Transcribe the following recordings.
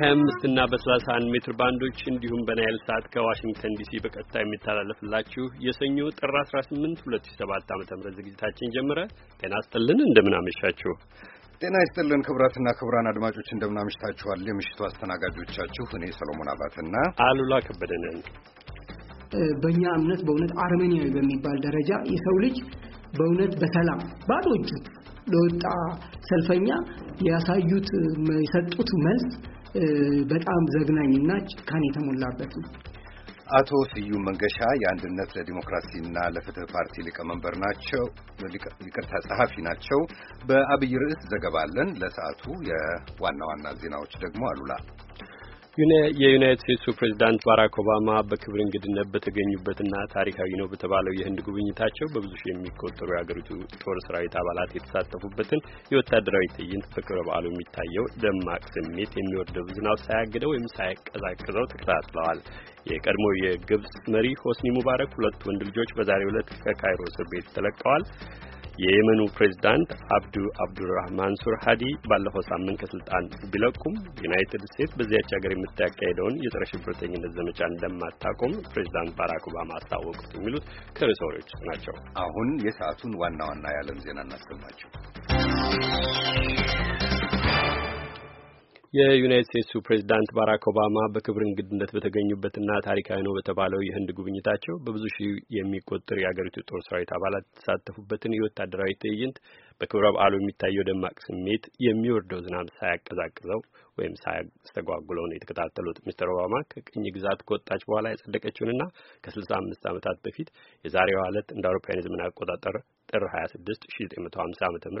በ25 እና በ31 ሜትር ባንዶች እንዲሁም በናይል ሳት ከዋሽንግተን ዲሲ በቀጥታ የሚተላለፍላችሁ የሰኞ ጥር 18 2007 ዓ.ም ዝግጅታችን ጀምረ ጤና ስጥልን እንደምናመሻችሁ። ጤና ይስጥልን ክቡራትና ክቡራን አድማጮች እንደምናመሽታችኋል። የምሽቱ አስተናጋጆቻችሁ እኔ ሰሎሞን አባትና አሉላ ከበደ ነን። በእኛ እምነት በእውነት አርሜኒያዊ በሚባል ደረጃ የሰው ልጅ በእውነት በሰላም ባዶ እጁ ለወጣ ሰልፈኛ ያሳዩት የሰጡት መልስ በጣም ዘግናኝና ጭካን የተሞላበት ነው። አቶ ስዩም መንገሻ የአንድነት ለዲሞክራሲና ለፍትህ ፓርቲ ሊቀመንበር ናቸው፣ ይቅርታ ጸሐፊ ናቸው። በአብይ ርዕስ ዘገባ አለን። ለሰዓቱ የዋና ዋና ዜናዎች ደግሞ አሉላ የዩናይትድ ስቴትሱ ፕሬዚዳንት ባራክ ኦባማ በክብር እንግድነት በተገኙበትና ታሪካዊ ነው በተባለው የህንድ ጉብኝታቸው በብዙ ሺህ የሚቆጠሩ የሀገሪቱ ጦር ሰራዊት አባላት የተሳተፉበትን የወታደራዊ ትዕይንት በክብረ በዓሉ የሚታየው ደማቅ ስሜት የሚወርደው ዝናብ ሳያግደው ወይም ሳያቀዛቅዘው ተከታትለዋል። የቀድሞ የግብጽ መሪ ሆስኒ ሙባረክ ሁለት ወንድ ልጆች በዛሬው ዕለት ከካይሮ እስር ቤት ተለቀዋል። የየመኑ ፕሬዝዳንት አብዱ አብዱራህማን ሱር ሀዲ ባለፈው ሳምንት ከስልጣን ቢለቁም ዩናይትድ ስቴትስ በዚያች ሀገር የምታካሄደውን የጸረ ሽብርተኝነት ዘመቻ እንደማታቆም ፕሬዝዳንት ባራክ ኦባማ አስታወቁት። የሚሉት ከርዕሰ ወሬዎች ውስጥ ናቸው። አሁን የሰዓቱን ዋና ዋና የዓለም ዜና እናሰማቸው። የዩናይት ስቴትሱ ፕሬዚዳንት ባራክ ኦባማ በክብር እንግድነት በተገኙበትና ታሪካዊ ነው በተባለው የህንድ ጉብኝታቸው በብዙ ሺህ የሚቆጠር የአገሪቱ ጦር ሰራዊት አባላት የተሳተፉበትን የወታደራዊ ትዕይንት በክብረ በዓሉ የሚታየው ደማቅ ስሜት የሚወርደው ዝናብ ሳያቀዛቅዘው ወይም ሳያስተጓጉለው ነው የተከታተሉት። ሚስተር ኦባማ ከቅኝ ግዛት ከወጣች በኋላ ያጸደቀችውንና ከስልሳ አምስት ዓመታት በፊት የዛሬዋ ዕለት እንደ አውሮፓውያን አቆጣጠር ጥር 26 1950 ዓም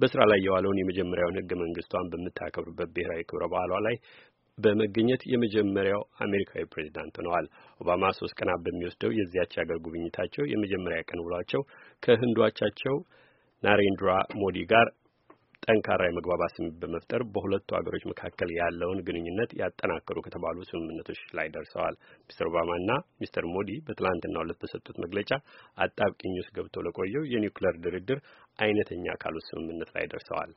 በስራ ላይ የዋለውን የመጀመሪያውን ህገ መንግስቷን በምታከብርበት ብሔራዊ ክብረ በዓሏ ላይ በመገኘት የመጀመሪያው አሜሪካዊ ፕሬዚዳንት ሆነዋል። ኦባማ ሶስት ቀናት በሚወስደው የዚያች ሀገር ጉብኝታቸው የመጀመሪያ ቀን ውሏቸው ከህንዷቻቸው ናሬንድራ ሞዲ ጋር ጠንካራ የመግባባት ስም በመፍጠር በሁለቱ ሀገሮች መካከል ያለውን ግንኙነት ያጠናከሩ ከተባሉ ስምምነቶች ላይ ደርሰዋል። ሚስተር ኦባማና ሚስተር ሞዲ በትላንትና ሁለት በሰጡት መግለጫ አጣብቂኝ ውስጥ ገብተው ለቆየው የኒውክሌር ድርድር አይነተኛ አካሉ ስምምነት ላይ ደርሰዋል።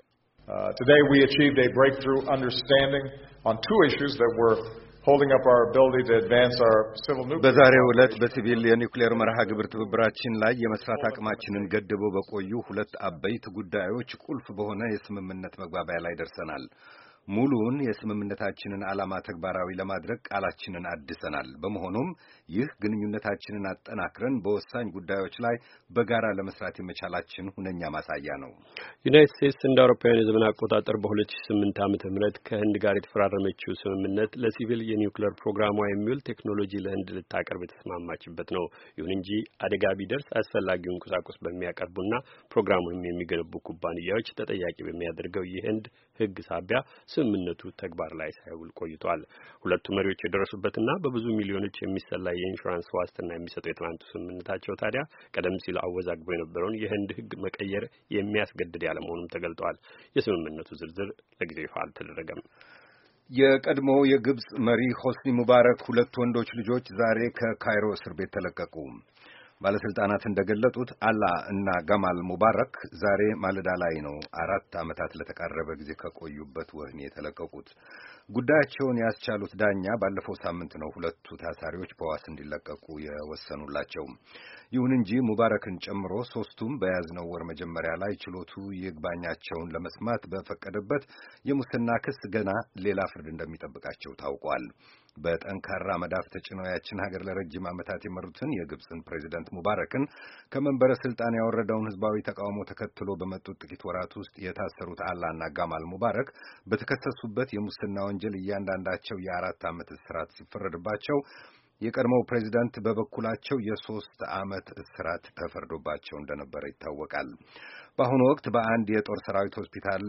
holding up our ability to advance our civil nuclear በዛሬው ዕለት በሲቪል የኒውክሌር መርሃ ግብር ትብብራችን ላይ የመስራት አቅማችንን ገድበው በቆዩ ሁለት አበይት ጉዳዮች ቁልፍ በሆነ የስምምነት መግባቢያ ላይ ደርሰናል። ሙሉውን የስምምነታችንን ዓላማ ተግባራዊ ለማድረግ ቃላችንን አድሰናል። በመሆኑም ይህ ግንኙነታችንን አጠናክረን በወሳኝ ጉዳዮች ላይ በጋራ ለመስራት የመቻላችን ሁነኛ ማሳያ ነው። ዩናይትድ ስቴትስ እንደ አውሮፓውያን የዘመን አቆጣጠር በ2008 ዓመተ ም ከህንድ ጋር የተፈራረመችው ስምምነት ለሲቪል የኒውክሌር ፕሮግራሟ የሚውል ቴክኖሎጂ ለህንድ ልታቀርብ የተስማማችበት ነው። ይሁን እንጂ አደጋ ቢደርስ አስፈላጊውን ቁሳቁስ በሚያቀርቡና ፕሮግራሙንም የሚገነቡ ኩባንያዎች ተጠያቂ በሚያደርገው የህንድ ህግ ሳቢያ ስምምነቱ ተግባር ላይ ሳይውል ቆይቷል። ሁለቱ መሪዎች የደረሱበትና በብዙ ሚሊዮኖች የሚሰላ የኢንሹራንስ ዋስትና የሚሰጠው የትናንቱ ስምምነታቸው ታዲያ ቀደም ሲል አወዛግቦ የነበረውን የህንድ ህግ መቀየር የሚያስገድድ ያለመሆኑም ተገልጠዋል። የስምምነቱ ዝርዝር ለጊዜው ይፋ አልተደረገም። የቀድሞ የግብፅ መሪ ሆስኒ ሙባረክ ሁለት ወንዶች ልጆች ዛሬ ከካይሮ እስር ቤት ተለቀቁ። ባለስልጣናት እንደገለጡት አላ እና ገማል ሙባረክ ዛሬ ማለዳ ላይ ነው አራት ዓመታት ለተቃረበ ጊዜ ከቆዩበት ወህኒ የተለቀቁት። ጉዳያቸውን ያስቻሉት ዳኛ ባለፈው ሳምንት ነው ሁለቱ ታሳሪዎች በዋስ እንዲለቀቁ የወሰኑላቸው። ይሁን እንጂ ሙባረክን ጨምሮ ሶስቱም በያዝነው ወር መጀመሪያ ላይ ችሎቱ ይግባኛቸውን ለመስማት በፈቀደበት የሙስና ክስ ገና ሌላ ፍርድ እንደሚጠብቃቸው ታውቋል። በጠንካራ መዳፍ ተጭነው ያችን ሀገር ለረጅም ዓመታት የመሩትን የግብፅን ፕሬዚደንት ሙባረክን ከመንበረ ስልጣን ያወረደውን ህዝባዊ ተቃውሞ ተከትሎ በመጡት ጥቂት ወራት ውስጥ የታሰሩት አላና ጋማል ሙባረክ በተከሰሱበት የሙስና ወንጀል እያንዳንዳቸው የአራት ዓመት እስራት ሲፈረድባቸው የቀድሞው ፕሬዚዳንት በበኩላቸው የሶስት ዓመት እስራት ተፈርዶባቸው እንደነበረ ይታወቃል። በአሁኑ ወቅት በአንድ የጦር ሰራዊት ሆስፒታል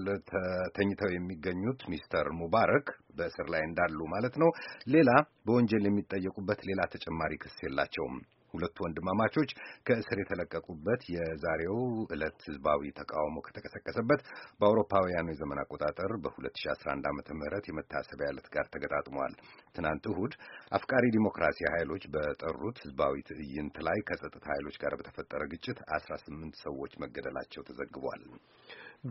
ተኝተው የሚገኙት ሚስተር ሙባረክ በእስር ላይ እንዳሉ ማለት ነው። ሌላ በወንጀል የሚጠየቁበት ሌላ ተጨማሪ ክስ የላቸውም። ሁለቱ ወንድማማቾች ከእስር የተለቀቁበት የዛሬው ዕለት ህዝባዊ ተቃውሞ ከተቀሰቀሰበት በአውሮፓውያኑ የዘመን አቆጣጠር በ2011 ዓ ም የመታሰቢያ ዕለት ጋር ተገጣጥሟል። ትናንት እሁድ አፍቃሪ ዲሞክራሲ ኃይሎች በጠሩት ህዝባዊ ትዕይንት ላይ ከጸጥታ ኃይሎች ጋር በተፈጠረ ግጭት 18 ሰዎች መገደላቸው ተዘግቧል።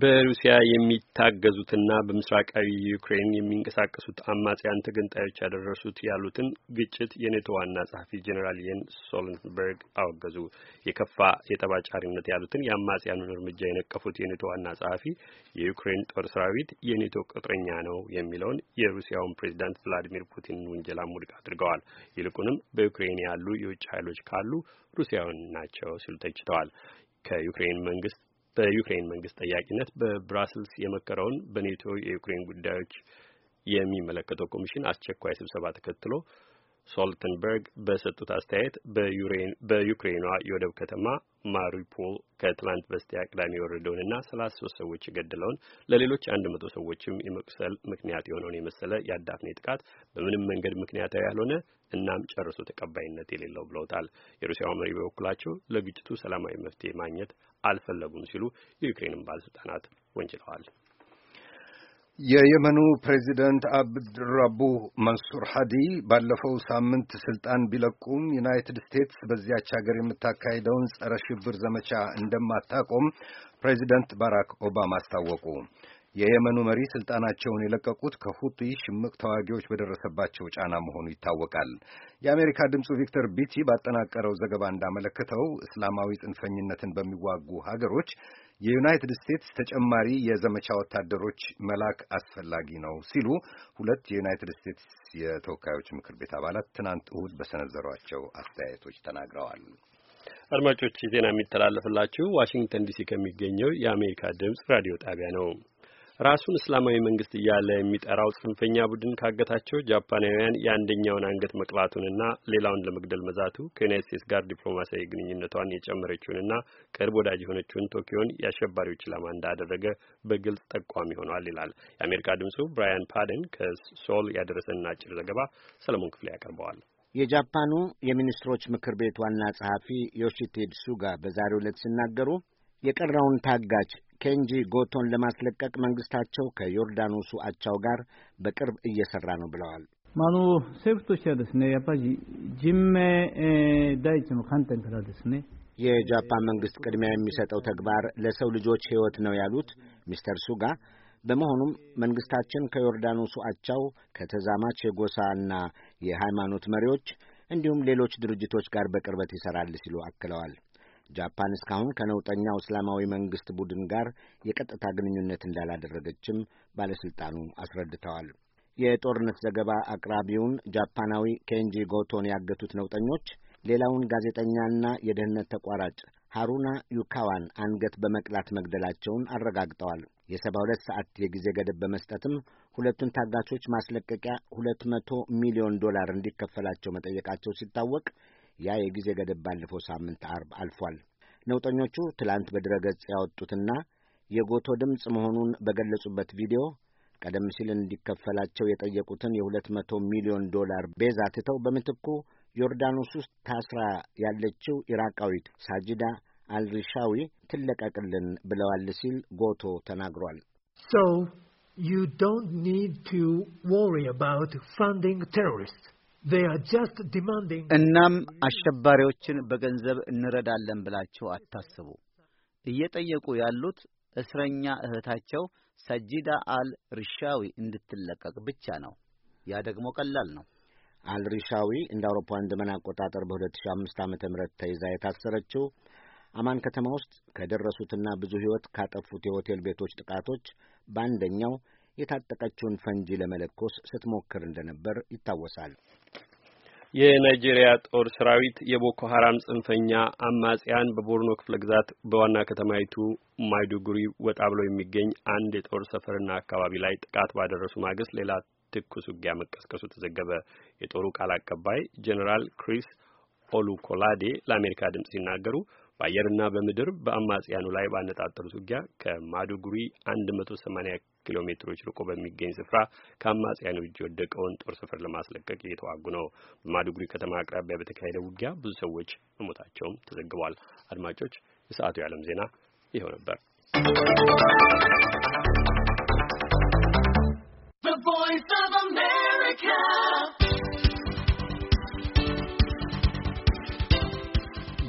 በሩሲያ የሚታገዙትና በምስራቃዊ ዩክሬን የሚንቀሳቀሱት አማጽያን ተገንጣዮች ያደረሱት ያሉትን ግጭት የኔቶ ዋና ጸሐፊ ጄኔራል የን ሶልንበርግ አወገዙ። የከፋ የጠባጫሪነት ያሉትን የአማጽያኑን እርምጃ የነቀፉት የኔቶ ዋና ጸሐፊ የዩክሬን ጦር ሰራዊት የኔቶ ቅጥረኛ ነው የሚለውን የሩሲያውን ፕሬዚዳንት ቭላዲሚር ፑቲንን ውንጀላ ውድቅ አድርገዋል። ይልቁንም በዩክሬን ያሉ የውጭ ኃይሎች ካሉ ሩሲያውን ናቸው ሲሉ ተችተዋል። ከዩክሬን መንግስት በዩክሬን መንግስት ጠያቂነት በብራስልስ የመከረውን በኔቶ የዩክሬን ጉዳዮች የሚመለከተው ኮሚሽን አስቸኳይ ስብሰባ ተከትሎ ሶልተንበርግ በሰጡት አስተያየት በዩክሬኗ የወደብ ከተማ ማሪፖል ከትላንት በስቲያ ቅዳሜ የወረደውንና ሰላሳ ሶስት ሰዎች የገደለውን ለሌሎች አንድ መቶ ሰዎችም የመቁሰል ምክንያት የሆነውን የመሰለ የአዳፍኔ ጥቃት በምንም መንገድ ምክንያታዊ ያልሆነ እናም ጨርሶ ተቀባይነት የሌለው ብለውታል። የሩሲያው መሪ በበኩላቸው ለግጭቱ ሰላማዊ መፍትሄ ማግኘት አልፈለጉም ሲሉ የዩክሬንን ባለስልጣናት ወንጅለዋል። የየመኑ ፕሬዚደንት አብድራቡ መንሱር ሀዲ ባለፈው ሳምንት ስልጣን ቢለቁም ዩናይትድ ስቴትስ በዚያች ሀገር የምታካሂደውን ጸረ ሽብር ዘመቻ እንደማታቆም ፕሬዚደንት ባራክ ኦባማ አስታወቁ። የየመኑ መሪ ስልጣናቸውን የለቀቁት ከሁቲ ሽምቅ ተዋጊዎች በደረሰባቸው ጫና መሆኑ ይታወቃል። የአሜሪካ ድምፁ ቪክተር ቢቲ ባጠናቀረው ዘገባ እንዳመለከተው እስላማዊ ጽንፈኝነትን በሚዋጉ ሀገሮች የዩናይትድ ስቴትስ ተጨማሪ የዘመቻ ወታደሮች መላክ አስፈላጊ ነው ሲሉ ሁለት የዩናይትድ ስቴትስ የተወካዮች ምክር ቤት አባላት ትናንት እሁድ በሰነዘሯቸው አስተያየቶች ተናግረዋል። አድማጮች ዜና የሚተላለፍላችሁ ዋሽንግተን ዲሲ ከሚገኘው የአሜሪካ ድምፅ ራዲዮ ጣቢያ ነው። ራሱን እስላማዊ መንግስት እያለ የሚጠራው ጽንፈኛ ቡድን ካገታቸው ጃፓናውያን የአንደኛውን አንገት መቅላቱንና ሌላውን ለመግደል መዛቱ ከዩናይት ስቴትስ ጋር ዲፕሎማሲያዊ ግንኙነቷን የጨመረችውንና ቅርብ ወዳጅ የሆነችውን ቶኪዮን የአሸባሪዎች ኢላማ እንዳደረገ በግልጽ ጠቋሚ ሆኗል ይላል የአሜሪካ ድምጹ ብራያን ፓደን ከሶል ያደረሰን አጭር ዘገባ ሰለሞን ክፍሌ ያቀርበዋል። የጃፓኑ የሚኒስትሮች ምክር ቤት ዋና ጸሐፊ ዮሺቴድ ሱጋ በዛሬው ዕለት ሲናገሩ የቀረውን ታጋች ኬንጂ ጎቶን ለማስለቀቅ መንግስታቸው ከዮርዳኖሱ አቻው ጋር በቅርብ እየሰራ ነው ብለዋል። ማኑ ጅሜ ዳይች ነው ካንተን የጃፓን መንግስት ቅድሚያ የሚሰጠው ተግባር ለሰው ልጆች ሕይወት ነው ያሉት ሚስተር ሱጋ፣ በመሆኑም መንግስታችን ከዮርዳኖሱ አቻው ከተዛማች የጎሳና የሃይማኖት መሪዎች እንዲሁም ሌሎች ድርጅቶች ጋር በቅርበት ይሰራል ሲሉ አክለዋል። ጃፓን እስካሁን ከነውጠኛው እስላማዊ መንግሥት ቡድን ጋር የቀጥታ ግንኙነት እንዳላደረገችም ባለሥልጣኑ አስረድተዋል። የጦርነት ዘገባ አቅራቢውን ጃፓናዊ ኬንጂ ጎቶን ያገቱት ነውጠኞች ሌላውን ጋዜጠኛና የደህንነት ተቋራጭ ሃሩና ዩካዋን አንገት በመቅላት መግደላቸውን አረጋግጠዋል። የሰባ ሁለት ሰዓት የጊዜ ገደብ በመስጠትም ሁለቱን ታጋቾች ማስለቀቂያ ሁለት መቶ ሚሊዮን ዶላር እንዲከፈላቸው መጠየቃቸው ሲታወቅ ያ የጊዜ ገደብ ባለፈው ሳምንት አርብ አልፏል። ነውጠኞቹ ትላንት በድረ ገጽ ያወጡትና የጎቶ ድምፅ መሆኑን በገለጹበት ቪዲዮ ቀደም ሲል እንዲከፈላቸው የጠየቁትን የሁለት መቶ ሚሊዮን ዶላር ቤዛ ትተው በምትኩ ዮርዳኖስ ውስጥ ታስራ ያለችው ኢራቃዊት ሳጅዳ አልሪሻዊ ትለቀቅልን ብለዋል ሲል ጎቶ ተናግሯል። ሶ ዩ ዶንት ኒድ ቱ worry አባውት ፋንዲንግ ቴሮሪስት እናም አሸባሪዎችን በገንዘብ እንረዳለን ብላችሁ አታስቡ። እየጠየቁ ያሉት እስረኛ እህታቸው ሰጂዳ አል ሪሻዊ እንድትለቀቅ ብቻ ነው። ያ ደግሞ ቀላል ነው። አልሪሻዊ እንደ አውሮፓውያን ዘመን አቆጣጠር በ2005 ዓ.ም ተይዛ የታሰረችው አማን ከተማ ውስጥ ከደረሱትና ብዙ ሕይወት ካጠፉት የሆቴል ቤቶች ጥቃቶች በአንደኛው የታጠቀችውን ፈንጂ ለመለኮስ ስትሞክር እንደነበር ይታወሳል። የናይጄሪያ ጦር ሰራዊት የቦኮ ሀራም ጽንፈኛ አማጽያን በቦርኖ ክፍለ ግዛት በዋና ከተማይቱ ማይዱጉሪ ወጣ ብሎ የሚገኝ አንድ የጦር ሰፈርና አካባቢ ላይ ጥቃት ባደረሱ ማግስት ሌላ ትኩስ ውጊያ መቀስቀሱ ተዘገበ። የጦሩ ቃል አቀባይ ጄኔራል ክሪስ ኦሉኮላዴ ለአሜሪካ ድምጽ ሲናገሩ በአየርና በምድር በአማጽያኑ ላይ ባነጣጠሩት ውጊያ ከማዱጉሪ 180 ኪሎ ሜትሮች ርቆ በሚገኝ ስፍራ ከአማጽያኑ እጅ የወደቀውን ጦር ሰፈር ለማስለቀቅ እየተዋጉ ነው። በማዱጉሪ ከተማ አቅራቢያ በተካሄደ ውጊያ ብዙ ሰዎች መሞታቸውም ተዘግቧል። አድማጮች፣ የሰዓቱ የዓለም ዜና ይኸው ነበር።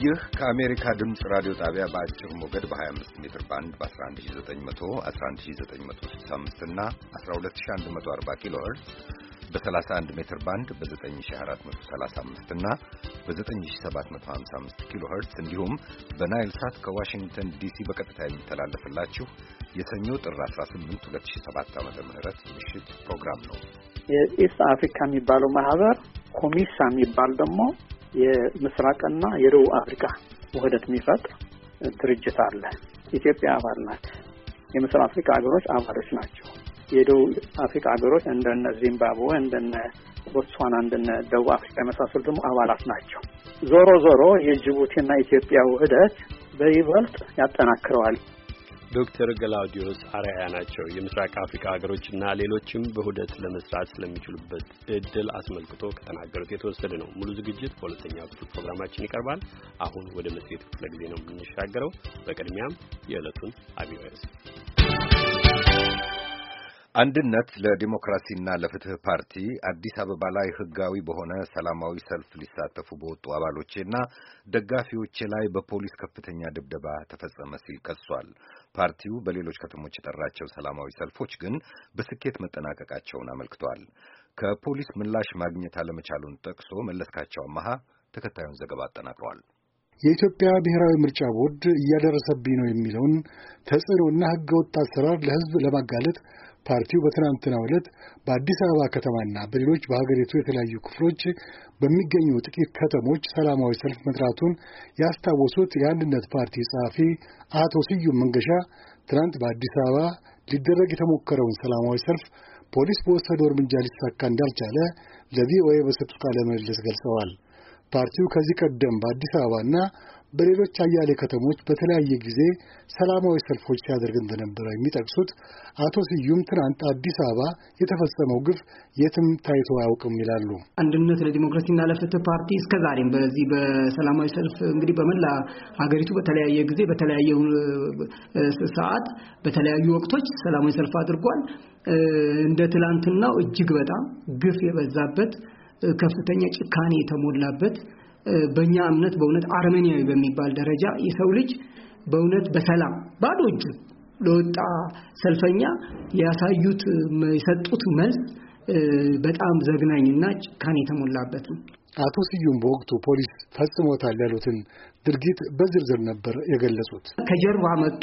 ይህ ከአሜሪካ ድምፅ ራዲዮ ጣቢያ በአጭር ሞገድ በ25 ሜትር ባንድ በ11911965 እና 12140 ኪሎ ሄርዝ በ31 ሜትር ባንድ በ9435 እና በ9755 ኪሎ ሄርዝ እንዲሁም በናይል ሳት ከዋሽንግተን ዲሲ በቀጥታ የሚተላለፍላችሁ የሰኞ ጥር 18 2007 ዓ ም ምሽት ፕሮግራም ነው። የኢስት አፍሪካ የሚባለው ማህበር ኮሚሳ የሚባል ደግሞ የምስራቅና የደቡብ አፍሪካ ውህደት የሚፈጥር ድርጅት አለ። ኢትዮጵያ አባል ናት። የምስራቅ አፍሪካ ሀገሮች አባሎች ናቸው። የደቡብ አፍሪካ ሀገሮች እንደነ ዚምባብዌ፣ እንደነ ቦትስዋና፣ እንደነ ደቡብ አፍሪካ የመሳሰሉ ደግሞ አባላት ናቸው። ዞሮ ዞሮ የጅቡቲና ኢትዮጵያ ውህደት በይበልጥ ያጠናክረዋል። ዶክተር ገላውዲዮስ አርአያ ናቸው። የምስራቅ አፍሪካ ሀገሮችና ሌሎችም በሁደት ለመስራት ስለሚችሉበት እድል አስመልክቶ ከተናገሩት የተወሰደ ነው። ሙሉ ዝግጅት በሁለተኛው ክፍል ፕሮግራማችን ይቀርባል። አሁን ወደ መጽሔት ክፍለ ጊዜ ነው የምንሻገረው። በቅድሚያም የዕለቱን አብይ ርዕስ አንድነት ለዲሞክራሲና ለፍትህ ፓርቲ አዲስ አበባ ላይ ህጋዊ በሆነ ሰላማዊ ሰልፍ ሊሳተፉ በወጡ አባሎቼና ደጋፊዎቼ ላይ በፖሊስ ከፍተኛ ድብደባ ተፈጸመ ሲል ከሷል። ፓርቲው በሌሎች ከተሞች የጠራቸው ሰላማዊ ሰልፎች ግን በስኬት መጠናቀቃቸውን አመልክቷል። ከፖሊስ ምላሽ ማግኘት አለመቻሉን ጠቅሶ መለስካቸው አመሃ ተከታዩን ዘገባ አጠናቅሯል። የኢትዮጵያ ብሔራዊ ምርጫ ቦርድ እያደረሰብኝ ነው የሚለውን ተጽዕኖና ህገ ወጥ አሰራር ለህዝብ ለማጋለጥ ፓርቲው በትናንትናው ዕለት በአዲስ አበባ ከተማና በሌሎች በሀገሪቱ የተለያዩ ክፍሎች በሚገኙ ጥቂት ከተሞች ሰላማዊ ሰልፍ መጥራቱን ያስታወሱት የአንድነት ፓርቲ ጸሐፊ አቶ ስዩም መንገሻ ትናንት በአዲስ አበባ ሊደረግ የተሞከረውን ሰላማዊ ሰልፍ ፖሊስ በወሰደው እርምጃ ሊሳካ እንዳልቻለ ለቪኦኤ በሰጡት ቃለ ምልልስ ገልጸዋል። ፓርቲው ከዚህ ቀደም በአዲስ አበባና በሌሎች አያሌ ከተሞች በተለያየ ጊዜ ሰላማዊ ሰልፎች ሲያደርግ እንደነበረ የሚጠቅሱት አቶ ስዩም ትናንት አዲስ አበባ የተፈጸመው ግፍ የትም ታይቶ አያውቅም ይላሉ። አንድነት ለዲሞክራሲና ለፍትህ ፓርቲ እስከዛሬም በዚህ በሰላማዊ ሰልፍ እንግዲህ በመላ ሀገሪቱ በተለያየ ጊዜ በተለያየ ሰዓት በተለያዩ ወቅቶች ሰላማዊ ሰልፍ አድርጓል። እንደ ትላንትናው እጅግ በጣም ግፍ የበዛበት ከፍተኛ ጭካኔ የተሞላበት በእኛ እምነት በእውነት አርመኒያዊ በሚባል ደረጃ የሰው ልጅ በእውነት በሰላም ባዶ እጁ ለወጣ ሰልፈኛ ያሳዩት የሰጡት መልስ በጣም ዘግናኝና ጭካን የተሞላበት ነው። አቶ ስዩም በወቅቱ ፖሊስ ፈጽሞታል ያሉትን ድርጊት በዝርዝር ነበር የገለጹት። ከጀርባ መጡ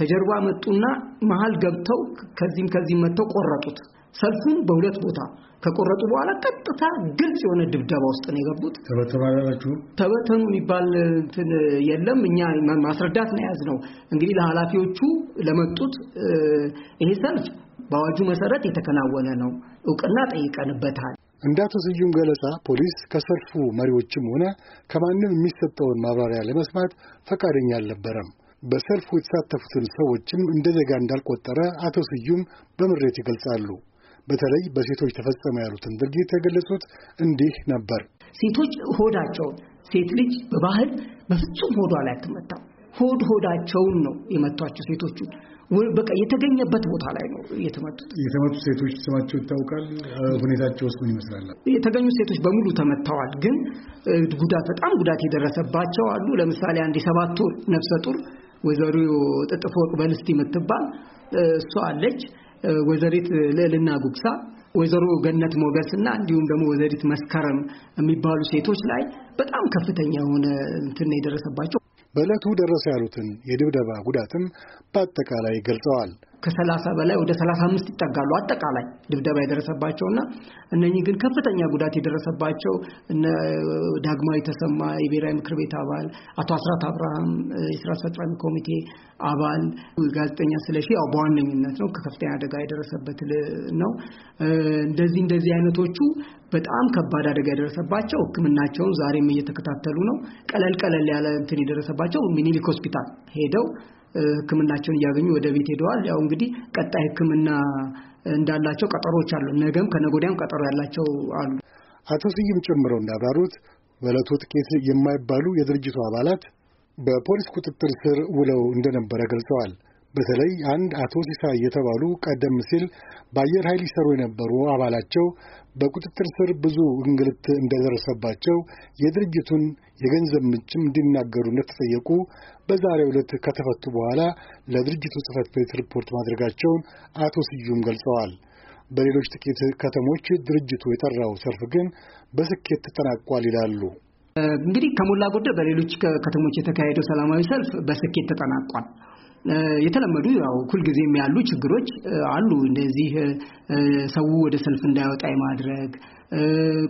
ከጀርባ መጡና መሀል ገብተው ከዚህም ከዚህም መጥተው ቆረጡት። ሰልፉን በሁለት ቦታ ከቆረጡ በኋላ ቀጥታ ግልጽ የሆነ ድብደባ ውስጥ ነው የገቡት። ተበተባላችሁ ተበተኑ የሚባል እንትን የለም። እኛ ማስረዳት ነው የያዝነው። እንግዲህ ለኃላፊዎቹ ለመጡት ይሄ ሰልፍ በአዋጁ መሰረት የተከናወነ ነው፣ እውቅና ጠይቀንበታል። እንደ አቶ ስዩም ገለጻ ፖሊስ ከሰልፉ መሪዎችም ሆነ ከማንም የሚሰጠውን ማብራሪያ ለመስማት ፈቃደኛ አልነበረም። በሰልፉ የተሳተፉትን ሰዎችም እንደ ዜጋ እንዳልቆጠረ አቶ ስዩም በምሬት ይገልጻሉ። በተለይ በሴቶች ተፈጸመ ያሉትን ድርጊት የገለጹት እንዲህ ነበር። ሴቶች ሆዳቸውን ሴት ልጅ በባህል በፍጹም ሆዷ ላይ አትመታም። ሆድ ሆዳቸውን ነው የመቷቸው ሴቶቹ በቃ የተገኘበት ቦታ ላይ ነው የተመቱት። የተመቱት ሴቶች ስማቸው ይታወቃል? ሁኔታቸው ውስጥ ምን ይመስላል? የተገኙት ሴቶች በሙሉ ተመተዋል፣ ግን ጉዳት በጣም ጉዳት የደረሰባቸው አሉ። ለምሳሌ አንድ የሰባት ወር ነፍሰ ጡር ወይዘሮ ጥጥፎ ወርቅ በልስት የምትባል እሷ አለች። ወይዘሪት ልዕልና ጉግሳ ወይዘሮ ገነት ሞገስ እና እንዲሁም ደግሞ ወይዘሪት መስከረም የሚባሉ ሴቶች ላይ በጣም ከፍተኛ የሆነ እንትን የደረሰባቸው በዕለቱ ደረሰ ያሉትን የድብደባ ጉዳትም በአጠቃላይ ገልጸዋል። ከሰላሳ በላይ ወደ ሰላሳ አምስት ይጠጋሉ አጠቃላይ ድብደባ የደረሰባቸውና እነኚህ ግን ከፍተኛ ጉዳት የደረሰባቸው እነ ዳግማዊ ተሰማ የብሔራዊ ምክር ቤት አባል፣ አቶ አስራት አብርሃም የስራ አስፈጻሚ ኮሚቴ አባል፣ ጋዜጠኛ ስለሺ ያው በዋነኝነት ነው ከከፍተኛ አደጋ የደረሰበት ነው። እንደዚህ እንደዚህ አይነቶቹ በጣም ከባድ አደጋ የደረሰባቸው ሕክምናቸውን ዛሬም እየተከታተሉ ነው። ቀለል ቀለል ያለ እንትን የደረሰባቸው ሚኒሊክ ሆስፒታል ሄደው ህክምናቸውን እያገኙ ወደ ቤት ሄደዋል። ያው እንግዲህ ቀጣይ ህክምና እንዳላቸው ቀጠሮች አሉ። ነገም ከነጎዳያም ቀጠሮ ያላቸው አሉ። አቶ ስዩም ጨምረው እንዳብራሩት በዕለቱ ጥቂት የማይባሉ የድርጅቱ አባላት በፖሊስ ቁጥጥር ስር ውለው እንደነበረ ገልጸዋል። በተለይ አንድ አቶ ሲሳይ የተባሉ ቀደም ሲል በአየር ኃይል ይሰሩ የነበሩ አባላቸው በቁጥጥር ስር ብዙ እንግልት እንደደረሰባቸው የድርጅቱን የገንዘብ ምንጭም እንዲናገሩ እንደተጠየቁ በዛሬው ዕለት ከተፈቱ በኋላ ለድርጅቱ ጽፈት ቤት ሪፖርት ማድረጋቸውን አቶ ስዩም ገልጸዋል። በሌሎች ጥቂት ከተሞች ድርጅቱ የጠራው ሰልፍ ግን በስኬት ተጠናቋል ይላሉ። እንግዲህ ከሞላ ጎደል በሌሎች ከተሞች የተካሄደው ሰላማዊ ሰልፍ በስኬት ተጠናቋል። የተለመዱ ያው ሁልጊዜም ያሉ ችግሮች አሉ። እንደዚህ ሰው ወደ ሰልፍ እንዳይወጣ የማድረግ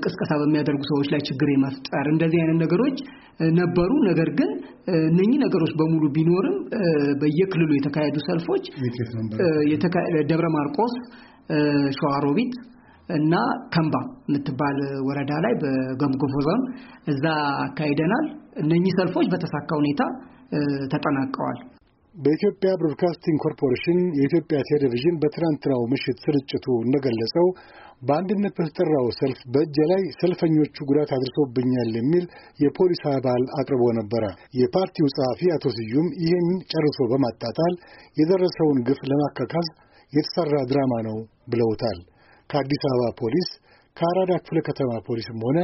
ቅስቀሳ በሚያደርጉ ሰዎች ላይ ችግር የመፍጠር እንደዚህ አይነት ነገሮች ነበሩ። ነገር ግን እነኚህ ነገሮች በሙሉ ቢኖርም በየክልሉ የተካሄዱ ሰልፎች ደብረ ማርቆስ፣ ሸዋሮቢት እና ከምባ የምትባል ወረዳ ላይ በገምገፎ ዞን እዛ አካሂደናል። እነኚህ ሰልፎች በተሳካ ሁኔታ ተጠናቀዋል። በኢትዮጵያ ብሮድካስቲንግ ኮርፖሬሽን የኢትዮጵያ ቴሌቪዥን በትናንትናው ምሽት ስርጭቱ እንደገለጸው በአንድነት በተጠራው ሰልፍ በእጀ ላይ ሰልፈኞቹ ጉዳት አድርሶብኛል የሚል የፖሊስ አባል አቅርቦ ነበረ። የፓርቲው ጸሐፊ አቶ ስዩም ይህን ጨርሶ በማጣጣል የደረሰውን ግፍ ለማካካስ የተሰራ ድራማ ነው ብለውታል። ከአዲስ አበባ ፖሊስ ከአራዳ ክፍለ ከተማ ፖሊስም ሆነ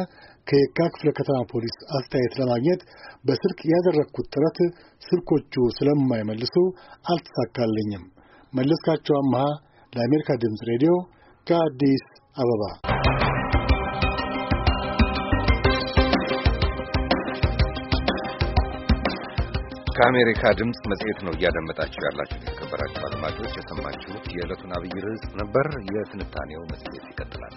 ከየካ ክፍለ ከተማ ፖሊስ አስተያየት ለማግኘት በስልክ ያደረግኩት ጥረት ስልኮቹ ስለማይመልሱ አልተሳካልኝም። መለስካቸው አምሃ ለአሜሪካ ድምፅ ሬዲዮ ከአዲስ አበባ ከአሜሪካ ድምፅ መጽሔት ነው እያደመጣችሁ ያላችሁ። የተከበራችሁ አድማጮች የሰማችሁት የዕለቱን አብይ ርዕስ ነበር። የትንታኔው መጽሔት ይቀጥላል።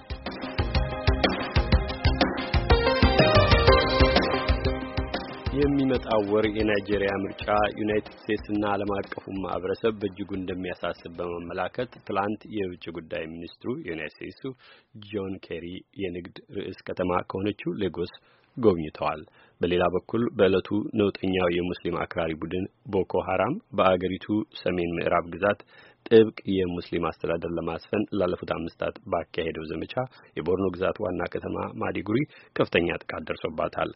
የሚመጣው ወር የናይጄሪያ ምርጫ ዩናይትድ ስቴትስና ዓለም አቀፉ ማህበረሰብ በእጅጉ እንደሚያሳስብ በመመላከት ትላንት የውጭ ጉዳይ ሚኒስትሩ የዩናይትድ ስቴትሱ ጆን ኬሪ የንግድ ርዕስ ከተማ ከሆነችው ሌጎስ ጎብኝተዋል። በሌላ በኩል በዕለቱ ነውጠኛው የሙስሊም አክራሪ ቡድን ቦኮ ሀራም በአገሪቱ ሰሜን ምዕራብ ግዛት ጥብቅ የሙስሊም አስተዳደር ለማስፈን ላለፉት አምስታት ባካሄደው ዘመቻ የቦርኖ ግዛት ዋና ከተማ ማዲጉሪ ከፍተኛ ጥቃት ደርሶባታል።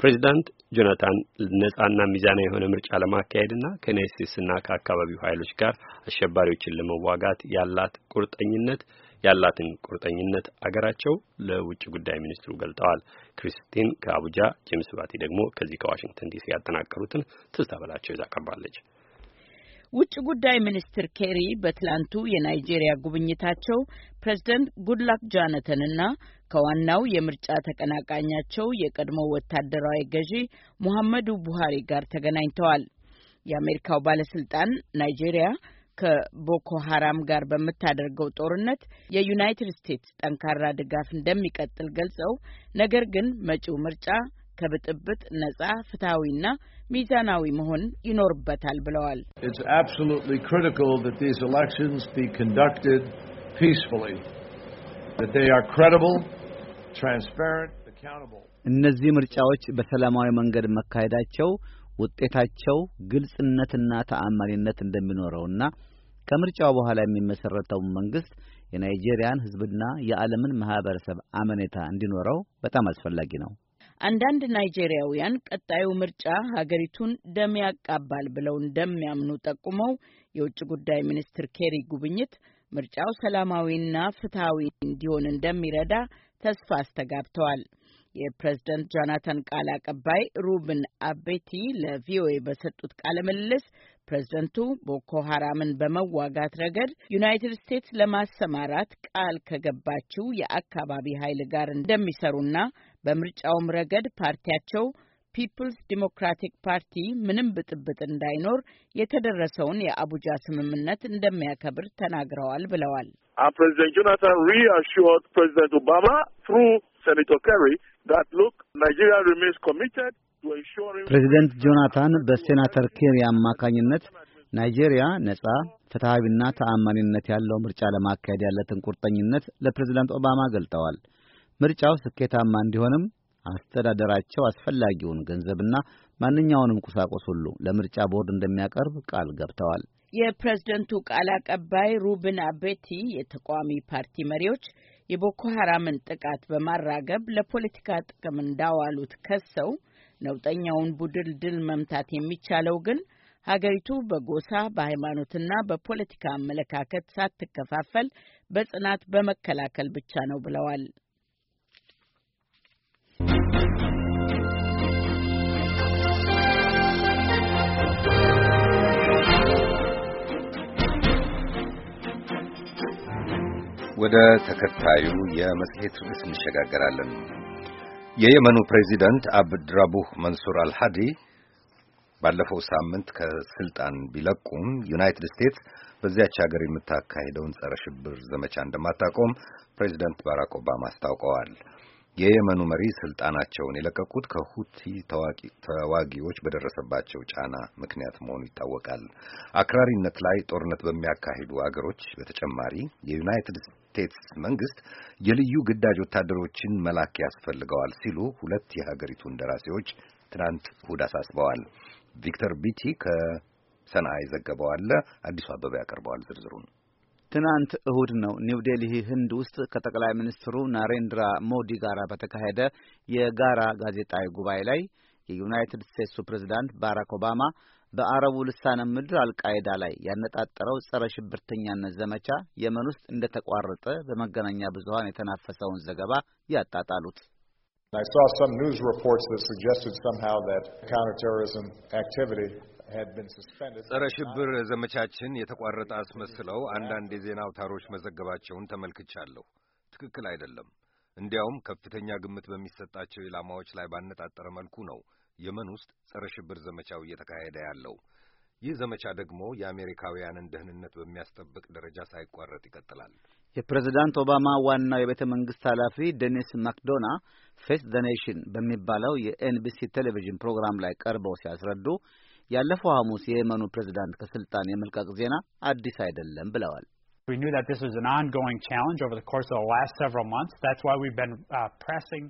ፕሬዚዳንት ጆናታን ነጻና ሚዛና የሆነ ምርጫ ለማካሄድና ከዩናይት ስቴትስና ከአካባቢው ኃይሎች ጋር አሸባሪዎችን ለመዋጋት ያላት ቁርጠኝነት ያላትን ቁርጠኝነት አገራቸው ለውጭ ጉዳይ ሚኒስትሩ ገልጠዋል። ክሪስቲን ከአቡጃ ጄምስ ባቲ ደግሞ ከዚህ ከዋሽንግተን ዲሲ ያጠናቀሩትን ትስታ በላቸው ይዛ ቀርባለች። ውጭ ጉዳይ ሚኒስትር ኬሪ በትላንቱ የናይጄሪያ ጉብኝታቸው ፕሬዝደንት ጉድላክ ጆናተንና ከዋናው የምርጫ ተቀናቃኛቸው የቀድሞ ወታደራዊ ገዢ ሙሐመዱ ቡሃሪ ጋር ተገናኝተዋል። የአሜሪካው ባለስልጣን ናይጄሪያ ከቦኮ ሀራም ጋር በምታደርገው ጦርነት የዩናይትድ ስቴትስ ጠንካራ ድጋፍ እንደሚቀጥል ገልጸው ነገር ግን መጪው ምርጫ ከብጥብጥ ነጻ ፍትሐዊና ሚዛናዊ መሆን ይኖርበታል ብለዋል። እነዚህ ምርጫዎች በሰላማዊ መንገድ መካሄዳቸው ውጤታቸው ግልጽነትና ተአማኒነት እንደሚኖረውና ከምርጫው በኋላ የሚመሰረተው መንግስት የናይጄሪያን ሕዝብና የዓለምን ማህበረሰብ አመኔታ እንዲኖረው በጣም አስፈላጊ ነው። አንዳንድ ናይጄሪያውያን ቀጣዩ ምርጫ ሀገሪቱን ደም ያቃባል ብለው እንደሚያምኑ ጠቁመው የውጭ ጉዳይ ሚኒስትር ኬሪ ጉብኝት ምርጫው ሰላማዊና ፍትሐዊ እንዲሆን እንደሚረዳ ተስፋ አስተጋብተዋል። የፕሬዝደንት ጆናታን ቃል አቀባይ ሩብን አቤቲ ለቪኦኤ በሰጡት ቃለ ምልልስ ፕሬዝደንቱ ቦኮ ሀራምን በመዋጋት ረገድ ዩናይትድ ስቴትስ ለማሰማራት ቃል ከገባችው የአካባቢ ኃይል ጋር እንደሚሰሩና በምርጫውም ረገድ ፓርቲያቸው ፒፕልስ ዲሞክራቲክ ፓርቲ ምንም ብጥብጥ እንዳይኖር የተደረሰውን የአቡጃ ስምምነት እንደሚያከብር ተናግረዋል ብለዋል። ፕሬዚደንት ጆናታን ሪአሹርድ ፕሬዚደንት ኦባማ ትሩ ሴኔተር ኬሪ ዳት ሉክ ናይጄሪያ ሪሜንስ ኮሚትድ ፕሬዚደንት ጆናታን በሴናተር ኬሪ አማካኝነት ናይጄሪያ ነጻ ፍትሐዊና ተአማኒነት ያለው ምርጫ ለማካሄድ ያለትን ቁርጠኝነት ለፕሬዚዳንት ኦባማ ገልጠዋል። ምርጫው ስኬታማ እንዲሆንም አስተዳደራቸው አስፈላጊውን ገንዘብና ማንኛውንም ቁሳቁስ ሁሉ ለምርጫ ቦርድ እንደሚያቀርብ ቃል ገብተዋል። የፕሬዝደንቱ ቃል አቀባይ ሩብን አቤቲ የተቃዋሚ ፓርቲ መሪዎች የቦኮ ሐራምን ጥቃት በማራገብ ለፖለቲካ ጥቅም እንዳዋሉት ከሰው ነውጠኛውን ቡድን ድል መምታት የሚቻለው ግን ሀገሪቱ በጎሳ በሃይማኖትና በፖለቲካ አመለካከት ሳትከፋፈል በጽናት በመከላከል ብቻ ነው ብለዋል። ወደ ተከታዩ የመጽሔት ርዕስ እንሸጋገራለን። የየመኑ ፕሬዚደንት አብድራቡህ መንሱር አልሃዲ ባለፈው ሳምንት ከስልጣን ቢለቁም ዩናይትድ ስቴትስ በዚያች ሀገር የምታካሄደውን ጸረ ሽብር ዘመቻ እንደማታቆም ፕሬዚደንት ባራክ ኦባማ አስታውቀዋል። የየመኑ መሪ ስልጣናቸውን የለቀቁት ከሁቲ ተዋጊዎች በደረሰባቸው ጫና ምክንያት መሆኑ ይታወቃል። አክራሪነት ላይ ጦርነት በሚያካሂዱ አገሮች በተጨማሪ የዩናይትድ ስቴትስ መንግስት የልዩ ግዳጅ ወታደሮችን መላክ ያስፈልገዋል ሲሉ ሁለት የሀገሪቱ እንደራሴዎች ትናንት እሁድ አሳስበዋል። ቪክተር ቢቲ ከሰንዓ ይዘገበዋል። አዲሱ አበባ ያቀርበዋል ዝርዝሩን። ትናንት እሁድ ነው ኒው ዴልሂ ህንድ ውስጥ ከጠቅላይ ሚኒስትሩ ናሬንድራ ሞዲ ጋር በተካሄደ የጋራ ጋዜጣዊ ጉባኤ ላይ የዩናይትድ ስቴትሱ ፕሬዚዳንት ባራክ ኦባማ በአረቡ ልሳነ ምድር አልቃይዳ ላይ ያነጣጠረው ጸረ ሽብርተኛነት ዘመቻ የመን ውስጥ እንደተቋረጠ በመገናኛ ብዙሃን የተናፈሰውን ዘገባ ያጣጣሉት ጸረ ሽብር ዘመቻችን የተቋረጠ አስመስለው አንዳንድ የዜና አውታሮች መዘገባቸውን ተመልክቻለሁ። ትክክል አይደለም። እንዲያውም ከፍተኛ ግምት በሚሰጣቸው ኢላማዎች ላይ ባነጣጠረ መልኩ ነው የመን ውስጥ ጸረ ሽብር ዘመቻው እየተካሄደ ያለው። ይህ ዘመቻ ደግሞ የአሜሪካውያንን ደህንነት በሚያስጠብቅ ደረጃ ሳይቋረጥ ይቀጥላል። የፕሬዝዳንት ኦባማ ዋናው የቤተ መንግስት ኃላፊ ዴኒስ ማክዶና ፌስ ዘ ኔሽን በሚባለው የኤንቢሲ ቴሌቪዥን ፕሮግራም ላይ ቀርበው ሲያስረዱ ያለፈው ሐሙስ የየመኑ ፕሬዝዳንት ከስልጣን የመልቀቅ ዜና አዲስ አይደለም ብለዋል። We knew that this was an ongoing challenge over the course of the last several months. That's why we've been uh, pressing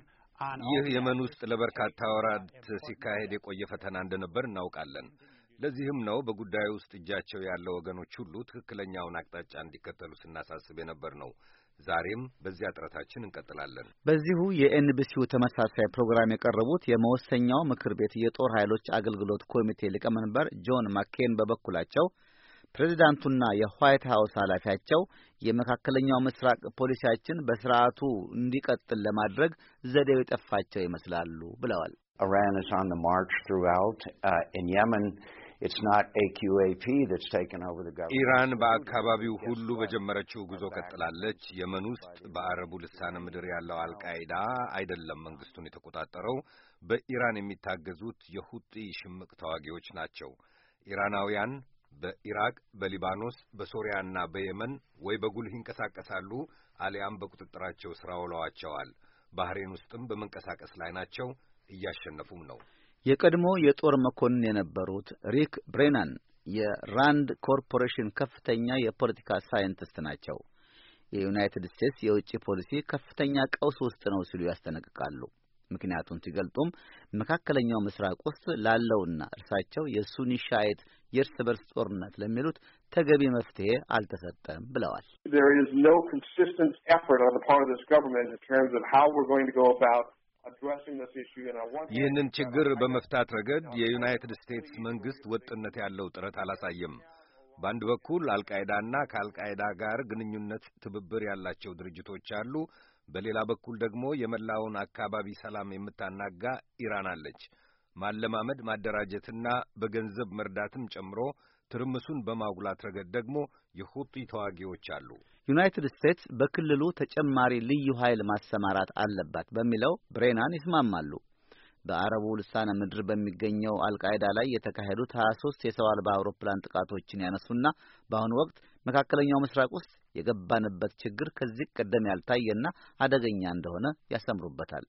ይህ የመን ውስጥ ለበርካታ ወራት ሲካሄድ የቆየ ፈተና እንደነበር እናውቃለን። ለዚህም ነው በጉዳዩ ውስጥ እጃቸው ያለው ወገኖች ሁሉ ትክክለኛውን አቅጣጫ እንዲከተሉ ስናሳስብ የነበር ነው። ዛሬም በዚያ ጥረታችን እንቀጥላለን። በዚሁ የኤንቢሲው ተመሳሳይ ፕሮግራም የቀረቡት የመወሰኛው ምክር ቤት የጦር ኃይሎች አገልግሎት ኮሚቴ ሊቀመንበር ጆን ማኬን በበኩላቸው ፕሬዚዳንቱና የዋይት ሀውስ ኃላፊያቸው የመካከለኛው ምስራቅ ፖሊሲያችን በስርዓቱ እንዲቀጥል ለማድረግ ዘዴው የጠፋቸው ይመስላሉ ብለዋል። uh, ኢራን በአካባቢው ሁሉ በጀመረችው ጉዞ ቀጥላለች። የመን ውስጥ በአረቡ ልሳነ ምድር ያለው አልቃይዳ አይደለም መንግስቱን የተቆጣጠረው፣ በኢራን የሚታገዙት የሁጢ ሽምቅ ተዋጊዎች ናቸው። ኢራናውያን በኢራቅ በሊባኖስ በሶሪያና በየመን ወይ በጉልህ ይንቀሳቀሳሉ አሊያም በቁጥጥራቸው ስራ ውለዋቸዋል። ባህሬን ውስጥም በመንቀሳቀስ ላይ ናቸው፣ እያሸነፉም ነው። የቀድሞ የጦር መኮንን የነበሩት ሪክ ብሬናን የራንድ ኮርፖሬሽን ከፍተኛ የፖለቲካ ሳይንቲስት ናቸው። የዩናይትድ ስቴትስ የውጭ ፖሊሲ ከፍተኛ ቀውስ ውስጥ ነው ሲሉ ያስጠነቅቃሉ። ምክንያቱን ሲገልጡም መካከለኛው ምስራቅ ውስጥ ላለውና እርሳቸው የሱኒ ሻይት የእርስ በርስ ጦርነት ለሚሉት ተገቢ መፍትሄ አልተሰጠም ብለዋል። ይህንን ችግር በመፍታት ረገድ የዩናይትድ ስቴትስ መንግስት ወጥነት ያለው ጥረት አላሳየም። በአንድ በኩል አልቃይዳና ከአልቃይዳ ጋር ግንኙነት ትብብር ያላቸው ድርጅቶች አሉ። በሌላ በኩል ደግሞ የመላውን አካባቢ ሰላም የምታናጋ ኢራን አለች። ማለማመድ ማደራጀትና በገንዘብ መርዳትም ጨምሮ ትርምሱን በማጉላት ረገድ ደግሞ የሁቲ ተዋጊዎች አሉ። ዩናይትድ ስቴትስ በክልሉ ተጨማሪ ልዩ ኃይል ማሰማራት አለባት በሚለው ብሬናን ይስማማሉ። በአረቡ ልሳነ ምድር በሚገኘው አልቃይዳ ላይ የተካሄዱት 23 የሰው አልባ አውሮፕላን ጥቃቶችን ያነሱና በአሁኑ ወቅት መካከለኛው ምስራቅ ውስጥ የገባንበት ችግር ከዚህ ቀደም ያልታየና አደገኛ እንደሆነ ያሰምሩበታል።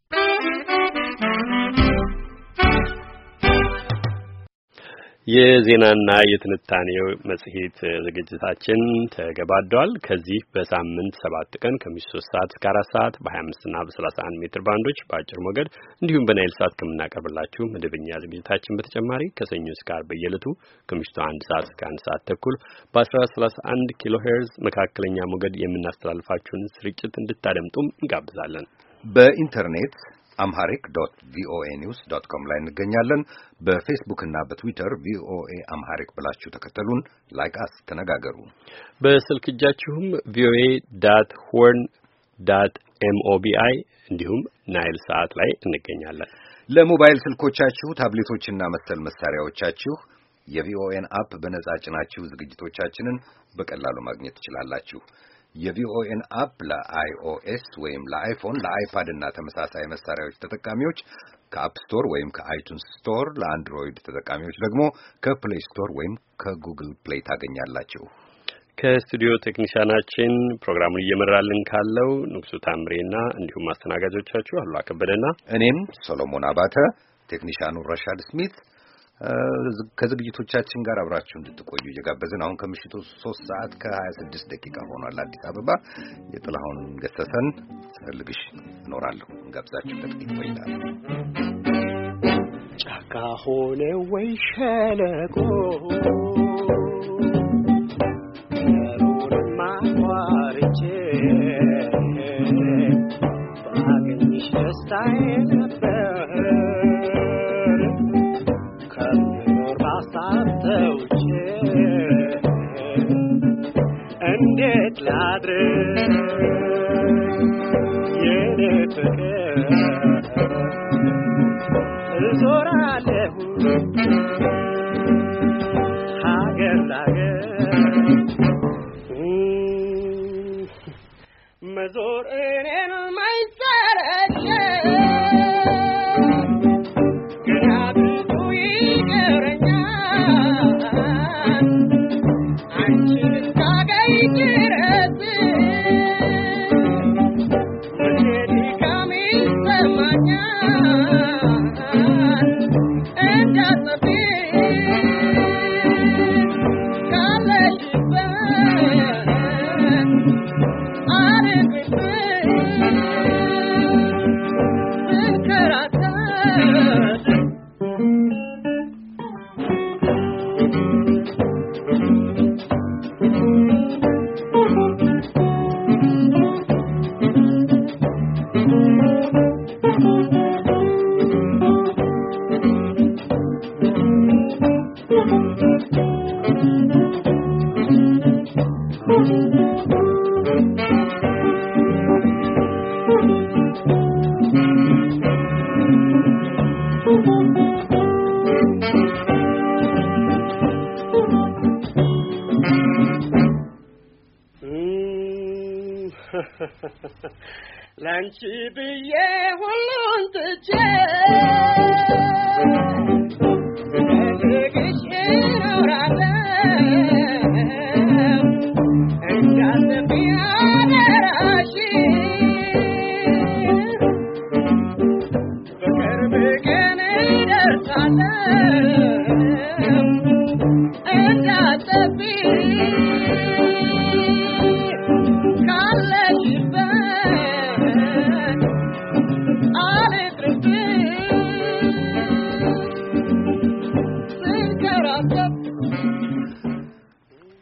የዜናና የትንታኔው መጽሔት ዝግጅታችን ተገባዷል። ከዚህ በሳምንት ሰባት ቀን ከምሽቱ ሶስት ሰዓት እስከ አራት ሰዓት በሀያ አምስትና በሰላሳ አንድ ሜትር ባንዶች በአጭር ሞገድ እንዲሁም በናይል ሰዓት ከምናቀርብላችሁ መደበኛ ዝግጅታችን በተጨማሪ ከሰኞ እስከ አርብ በየዕለቱ ከምሽቱ አንድ ሰዓት እስከ አንድ ሰዓት ተኩል በአስራ ሰላሳ አንድ ኪሎ ሄርዝ መካከለኛ ሞገድ የምናስተላልፋችሁን ስርጭት እንድታደምጡም እንጋብዛለን። በኢንተርኔት አምሃሪክ ዶት ቪኦኤ ኒውስ ዶት ኮም ላይ እንገኛለን። በፌስቡክና በትዊተር ቪኦኤ አምሃሪክ ብላችሁ ተከተሉን፣ ላይክ አስ፣ ተነጋገሩ። በስልክ እጃችሁም ቪኦኤ ዳት ሆርን ዳት ኤምኦቢአይ እንዲሁም ናይል ሰዓት ላይ እንገኛለን። ለሞባይል ስልኮቻችሁ ታብሌቶችና መሰል መሳሪያዎቻችሁ የቪኦኤን አፕ በነጻ ጭናችሁ ዝግጅቶቻችንን በቀላሉ ማግኘት ትችላላችሁ። የቪኦኤን አፕ ለአይኦኤስ ወይም ለአይፎን፣ ለአይፓድ እና ተመሳሳይ መሳሪያዎች ተጠቃሚዎች ከአፕ ስቶር ወይም ከአይቱንስ ስቶር፣ ለአንድሮይድ ተጠቃሚዎች ደግሞ ከፕሌይ ስቶር ወይም ከጉግል ፕሌይ ታገኛላችሁ። ከስቱዲዮ ቴክኒሽያናችን ፕሮግራሙን እየመራልን ካለው ንጉሱ ታምሬና እንዲሁም አስተናጋጆቻችሁ አሉላ ከበደና እኔም ሶሎሞን አባተ ቴክኒሽያኑ ረሻድ ስሚት ከዝግጅቶቻችን ጋር አብራችሁ እንድትቆዩ እየጋበዝን አሁን ከምሽቱ ሶስት ሰዓት ከሀያ ስድስት ደቂቃ ሆኗል። አዲስ አበባ የጥላሁን ገሰሰን ስፈልግሽ እኖራለሁ እንጋብዛችሁ ለጥቂት ቆይታ ጫካ ሆነ ወይ ሸለቆ Stay ነበር እንዴት ላድርግ የኔ ፍቅር እዞራለሁ ሀገር ላገር መዞር እኔ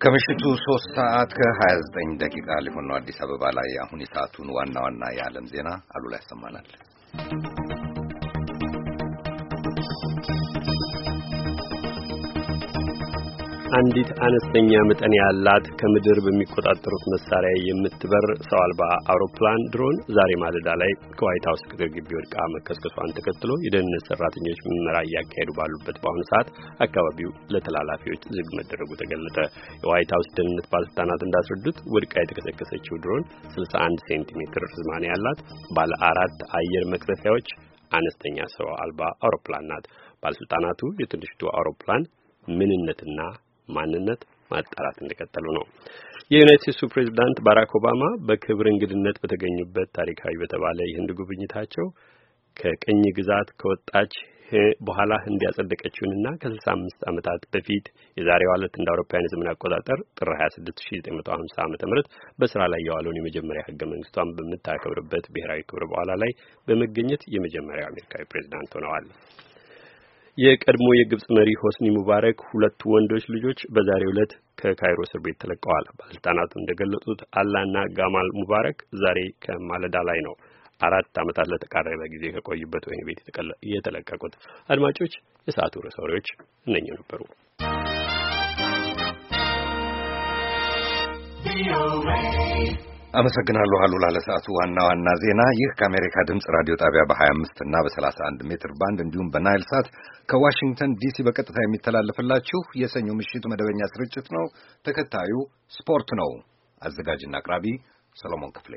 ከምሽቱ ሶስት ሰዓት ከሀያ ዘጠኝ ደቂቃ ሊሆን ነው አዲስ አበባ ላይ። አሁን የሰዓቱን ዋና ዋና የዓለም ዜና አሉላ ያሰማናል። አንዲት አነስተኛ መጠን ያላት ከምድር በሚቆጣጠሩት መሳሪያ የምትበር ሰው አልባ አውሮፕላን ድሮን ዛሬ ማለዳ ላይ ከዋይት ሀውስ ቅጥር ግቢ ወድቃ መከስከሷን ተከትሎ የደህንነት ሰራተኞች ምርመራ እያካሄዱ ባሉበት በአሁኑ ሰዓት አካባቢው ለተላላፊዎች ዝግ መደረጉ ተገለጠ። የዋይት ሀውስ ደህንነት ባለስልጣናት እንዳስረዱት ወድቃ የተከሰከሰችው ድሮን 61 ሴንቲሜትር ርዝማኔ ያላት ባለ አራት አየር መቅዘፊያዎች አነስተኛ ሰው አልባ አውሮፕላን ናት። ባለስልጣናቱ የትንሽቱ አውሮፕላን ምንነትና ማንነት ማጣራት እንደቀጠሉ ነው። የዩናይት ስቴትሱ ፕሬዝዳንት ባራክ ኦባማ በክብር እንግድነት በተገኙበት ታሪካዊ በተባለ የህንድ ጉብኝታቸው ከቅኝ ግዛት ከወጣች በኋላ ህንድ ያጸደቀችውንና ከ65 ዓመታት በፊት የዛሬው ዕለት እንደ አውሮፓውያን ዘመን አቆጣጠር ጥር 26 1950 ዓ.ም በስራ ላይ የዋለውን የመጀመሪያ ህገ መንግስቷን በምታከብርበት ብሔራዊ ክብረ በኋላ ላይ በመገኘት የመጀመሪያው አሜሪካዊ ፕሬዝዳንት ሆነዋል። የቀድሞ የግብጽ መሪ ሆስኒ ሙባረክ ሁለቱ ወንዶች ልጆች በዛሬው ዕለት ከካይሮ እስር ቤት ተለቀዋል። ባለስልጣናቱ እንደገለጹት አላና ጋማል ሙባረክ ዛሬ ከማለዳ ላይ ነው አራት ዓመታት ለተቃረበ ጊዜ ከቆዩበት ወህኒ ቤት የተለቀቁት። አድማጮች፣ የሰዓቱ ርዕሰ ወሬዎች እነኚህ ነበሩ። አመሰግናለሁ አሉላ። ለሰዓቱ ዋና ዋና ዜና። ይህ ከአሜሪካ ድምፅ ራዲዮ ጣቢያ በ25 እና በ31 ሜትር ባንድ እንዲሁም በናይል ሳት ከዋሽንግተን ዲሲ በቀጥታ የሚተላለፍላችሁ የሰኞ ምሽት መደበኛ ስርጭት ነው። ተከታዩ ስፖርት ነው። አዘጋጅና አቅራቢ ሰሎሞን ክፍሌ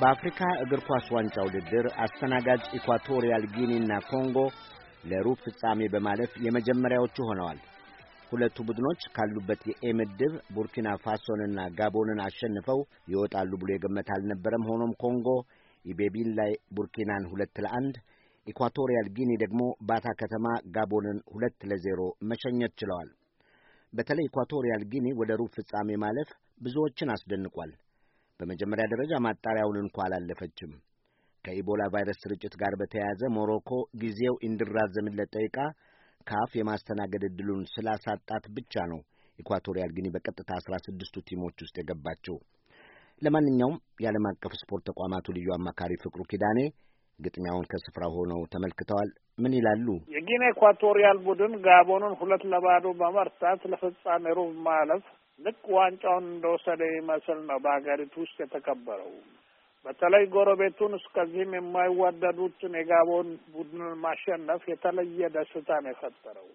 በአፍሪካ እግር ኳስ ዋንጫ ውድድር አስተናጋጅ ኢኳቶሪያል ጊኒና ኮንጎ ለሩብ ፍጻሜ በማለፍ የመጀመሪያዎቹ ሆነዋል። ሁለቱ ቡድኖች ካሉበት የኤ ምድብ ቡርኪና ፋሶንና ጋቦንን አሸንፈው ይወጣሉ ብሎ የገመት አልነበረም። ሆኖም ኮንጎ ኢቤቢን ላይ ቡርኪናን ሁለት ለአንድ፣ ኢኳቶሪያል ጊኒ ደግሞ ባታ ከተማ ጋቦንን ሁለት ለዜሮ መሸኘት ችለዋል። በተለይ ኢኳቶሪያል ጊኒ ወደ ሩብ ፍጻሜ ማለፍ ብዙዎችን አስደንቋል። በመጀመሪያ ደረጃ ማጣሪያውን እንኳ አላለፈችም። ከኢቦላ ቫይረስ ስርጭት ጋር በተያያዘ ሞሮኮ ጊዜው እንዲራዘምለት ጠይቃ ካፍ የማስተናገድ ዕድሉን ስላሳጣት ብቻ ነው ኢኳቶሪያል ጊኒ በቀጥታ አስራ ስድስቱ ቲሞች ውስጥ የገባቸው። ለማንኛውም የዓለም አቀፍ ስፖርት ተቋማቱ ልዩ አማካሪ ፍቅሩ ኪዳኔ ግጥሚያውን ከስፍራ ሆነው ተመልክተዋል። ምን ይላሉ? የጊኔ ኢኳቶሪያል ቡድን ጋቦኑን ሁለት ለባዶ በመርታት ለፍጻሜ ሩብ ማለፍ ልክ ዋንጫውን እንደወሰደ ይመስል ነው በሀገሪቱ ውስጥ የተከበረው። በተለይ ጎረቤቱን እስከዚህም የማይዋደዱትን የጋቦን ቡድንን ማሸነፍ የተለየ ደስታን የፈጠረው።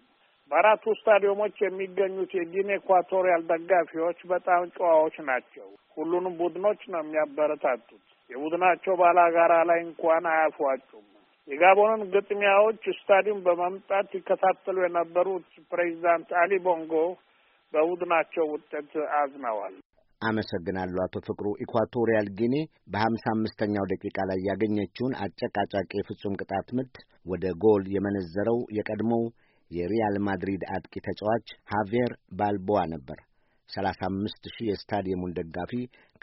በአራቱ ስታዲየሞች የሚገኙት የጊኒ ኢኳቶሪያል ደጋፊዎች በጣም ጨዋዎች ናቸው። ሁሉንም ቡድኖች ነው የሚያበረታቱት። የቡድናቸው ባላጋራ ላይ እንኳን አያፏጩም። የጋቦንን ግጥሚያዎች ስታዲየም በመምጣት ይከታተሉ የነበሩት ፕሬዚዳንት አሊ ቦንጎ በቡድናቸው ውጤት አዝነዋል። አመሰግናለሁ አቶ ፍቅሩ። ኢኳቶሪያል ጊኒ በሀምሳ አምስተኛው ደቂቃ ላይ ያገኘችውን አጨቃጫቂ የፍጹም ቅጣት ምት ወደ ጎል የመነዘረው የቀድሞው የሪያል ማድሪድ አጥቂ ተጫዋች ሃቪየር ባልቦዋ ነበር። ሰላሳ አምስት ሺህ የስታዲየሙን ደጋፊ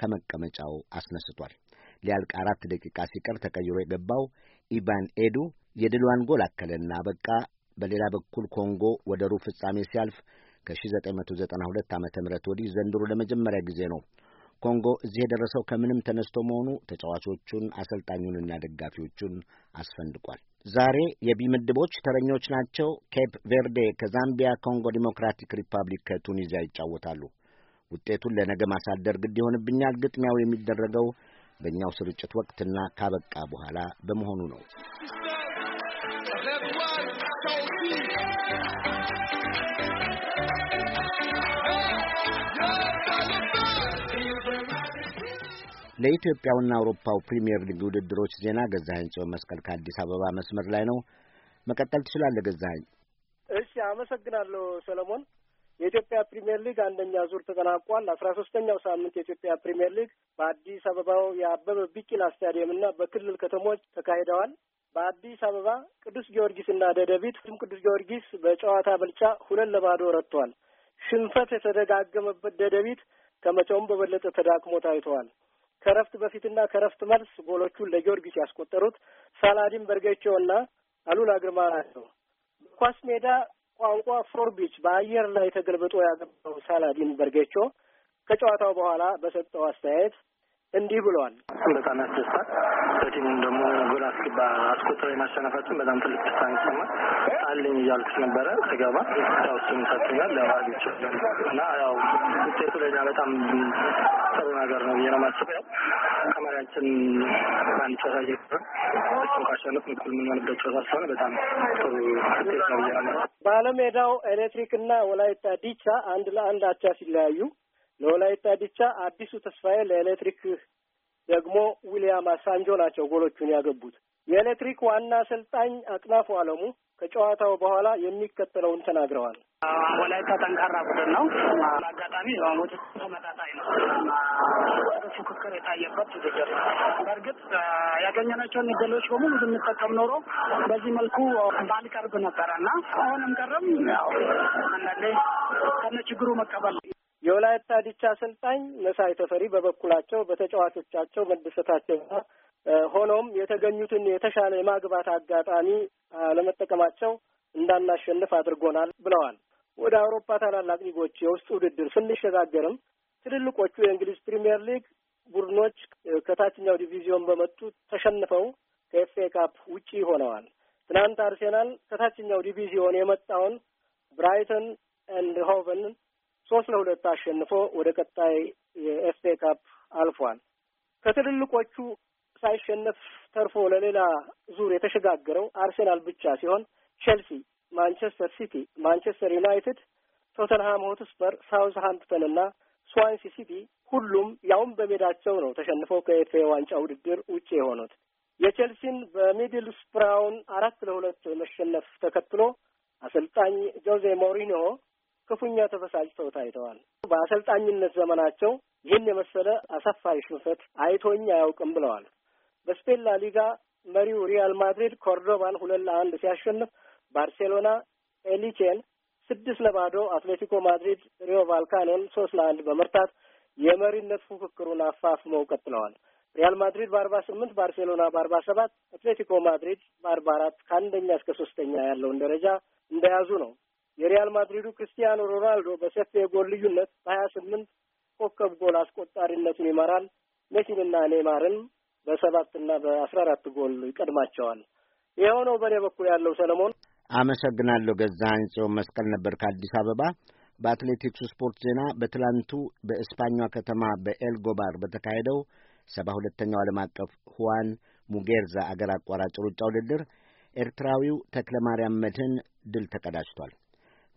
ከመቀመጫው አስነስቷል። ሊያልቅ አራት ደቂቃ ሲቀር ተቀይሮ የገባው ኢቫን ኤዱ የድሏን ጎል አከለና በቃ። በሌላ በኩል ኮንጎ ወደ ሩብ ፍጻሜ ሲያልፍ ከ1992 ዓ ም ወዲህ ዘንድሮ ለመጀመሪያ ጊዜ ነው ኮንጎ እዚህ የደረሰው ከምንም ተነስቶ መሆኑ ተጫዋቾቹን አሰልጣኙንና ደጋፊዎቹን አስፈንድቋል። ዛሬ የቢ ምድቦች ተረኞች ናቸው። ኬፕ ቬርዴ ከዛምቢያ፣ ኮንጎ ዲሞክራቲክ ሪፐብሊክ ከቱኒዚያ ይጫወታሉ። ውጤቱን ለነገ ማሳደር ግድ ይሆንብኛል። ግጥሚያው የሚደረገው በእኛው ስርጭት ወቅትና ካበቃ በኋላ በመሆኑ ነው። ለኢትዮጵያውና አውሮፓው ፕሪምየር ሊግ ውድድሮች ዜና ገዛኸኝ ጽዮን መስቀል ከአዲስ አበባ መስመር ላይ ነው። መቀጠል ትችላለህ ገዛኸኝ። እሺ፣ አመሰግናለሁ ሰለሞን። የኢትዮጵያ ፕሪምየር ሊግ አንደኛ ዙር ተጠናቋል። አስራ ሶስተኛው ሳምንት የኢትዮጵያ ፕሪምየር ሊግ በአዲስ አበባው የአበበ ቢቂላ ስታዲየም እና በክልል ከተሞች ተካሂደዋል። በአዲስ አበባ ቅዱስ ጊዮርጊስና ደደቢት ሁም ቅዱስ ጊዮርጊስ በጨዋታ ብልጫ ሁለት ለባዶ ረጥቷል። ሽንፈት የተደጋገመበት ደደቢት ከመቼውም በበለጠ ተዳክሞ ታይተዋል። ከረፍት በፊትና ከረፍት መልስ ጎሎቹን ለጊዮርጊስ ያስቆጠሩት ሳላዲን በርጌቾ እና አሉላ ግርማ ናቸው። በኳስ ሜዳ ቋንቋ ፎርቢች በአየር ላይ ተገልብጦ ያገባው ሳላዲን በርጌቾ ከጨዋታው በኋላ በሰጠው አስተያየት እንዲህ ብለዋል። በጣም ያስደስታል። በቲሙም ደግሞ ጎል አስገባ አስቆጥሮ የማሸነፋችን በጣም ትልቅ ደስታ ይሰማል። ጣልኝ እያልኩት ነበረ ስገባ ያው እሱም ሰጥቶኛል። ለባግች እና ያው ውጤቱ ለኛ በጣም ጥሩ ነገር ነው ብዬ ነው የማስበው። ያው ከመሪያችን አንድ ጨዋታ እየቀረ እሱን ካሸነፍ ምክል የምንሆንበት ጨዋታ ስለሆነ በጣም ጥሩ ውጤት ነው ብዬ ነው ባለሜዳው ኤሌክትሪክ እና ወላይታ ዲቻ አንድ ለአንድ አቻ ሲለያዩ ለወላይታ ዲቻ አዲሱ ተስፋዬ፣ ለኤሌክትሪክ ደግሞ ዊልያም አሳንጆ ናቸው ጎሎቹን ያገቡት። የኤሌክትሪክ ዋና አሰልጣኝ አቅናፉ አለሙ ከጨዋታው በኋላ የሚከተለውን ተናግረዋል። ወላይታ ጠንካራ ቡድን ነው። አጋጣሚ ሞት ተመጣጣኝ ነው። ፉክክር የታየበት ውድድር ነው። በእርግጥ ያገኘናቸውን እድሎች በሙሉ ብንጠቀም ኖሮ በዚህ መልኩ ባልቀርብ ነበረ እና አሁንም ቀረም ያው አንዳንዴ ከነ ችግሩ መቀበል የወላይታ ዲቻ አሰልጣኝ መሳይ ተፈሪ በበኩላቸው በተጫዋቾቻቸው መደሰታቸውና ሆኖም የተገኙትን የተሻለ የማግባት አጋጣሚ ለመጠቀማቸው እንዳናሸንፍ አድርጎናል ብለዋል። ወደ አውሮፓ ታላላቅ ሊጎች የውስጥ ውድድር ስንሸጋገርም ትልልቆቹ የእንግሊዝ ፕሪምየር ሊግ ቡድኖች ከታችኛው ዲቪዚዮን በመጡ ተሸንፈው ከኤፍኤ ካፕ ውጪ ሆነዋል። ትናንት አርሴናል ከታችኛው ዲቪዚዮን የመጣውን ብራይተን ኤንድ ሆቨንን ሶስት ለሁለት አሸንፎ ወደ ቀጣይ የኤፍኤ ካፕ አልፏል። ከትልልቆቹ ሳይሸነፍ ተርፎ ለሌላ ዙር የተሸጋገረው አርሴናል ብቻ ሲሆን ቼልሲ፣ ማንቸስተር ሲቲ፣ ማንቸስተር ዩናይትድ፣ ቶተንሃም ሆትስፐር፣ ሃምፕተን እና ስዋንሲ ሲቲ ሁሉም ያውም በሜዳቸው ነው ተሸንፈው ከኤፍኤ ዋንጫ ውድድር ውጭ የሆኑት። የቼልሲን በሚድል ስፕራውን አራት ለሁለት መሸነፍ ተከትሎ አሰልጣኝ ጆዜ ሞሪኒዮ ክፉኛ ተበሳጭተው ታይተዋል። በአሰልጣኝነት ዘመናቸው ይህን የመሰለ አሳፋሪ ሽንፈት አይቶኝ አያውቅም ብለዋል። በስፔን ሊጋ መሪው ሪያል ማድሪድ ኮርዶባን ሁለት ለአንድ ሲያሸንፍ ባርሴሎና ኤሊቼን ስድስት ለባዶ፣ አትሌቲኮ ማድሪድ ሪዮ ቫልካኖን ሶስት ለአንድ በመርታት የመሪነት ፉክክሩን አፋፍመው ቀጥለዋል። ሪያል ማድሪድ በአርባ ስምንት ባርሴሎና በአርባ ሰባት አትሌቲኮ ማድሪድ በአርባ አራት ከአንደኛ እስከ ሶስተኛ ያለውን ደረጃ እንደያዙ ነው። የሪያል ማድሪዱ ክርስቲያኖ ሮናልዶ በሰፊ የጎል ልዩነት በሀያ ስምንት ኮከብ ጎል አስቆጣሪነቱን ይመራል። ሜሲንና ኔይማርን በሰባትና በአስራ አራት ጎል ይቀድማቸዋል። የሆነው በእኔ በኩል ያለው ሰለሞን አመሰግናለሁ። ገዛ ጽዮን መስቀል ነበር ከአዲስ አበባ። በአትሌቲክሱ ስፖርት ዜና በትላንቱ በእስፓኛ ከተማ በኤልጎባር በተካሄደው ሰባ ሁለተኛው ዓለም አቀፍ ሁዋን ሙጌርዛ አገር አቋራጭ ሩጫ ውድድር ኤርትራዊው ተክለ ማርያም መድህን ድል ተቀዳጅቷል።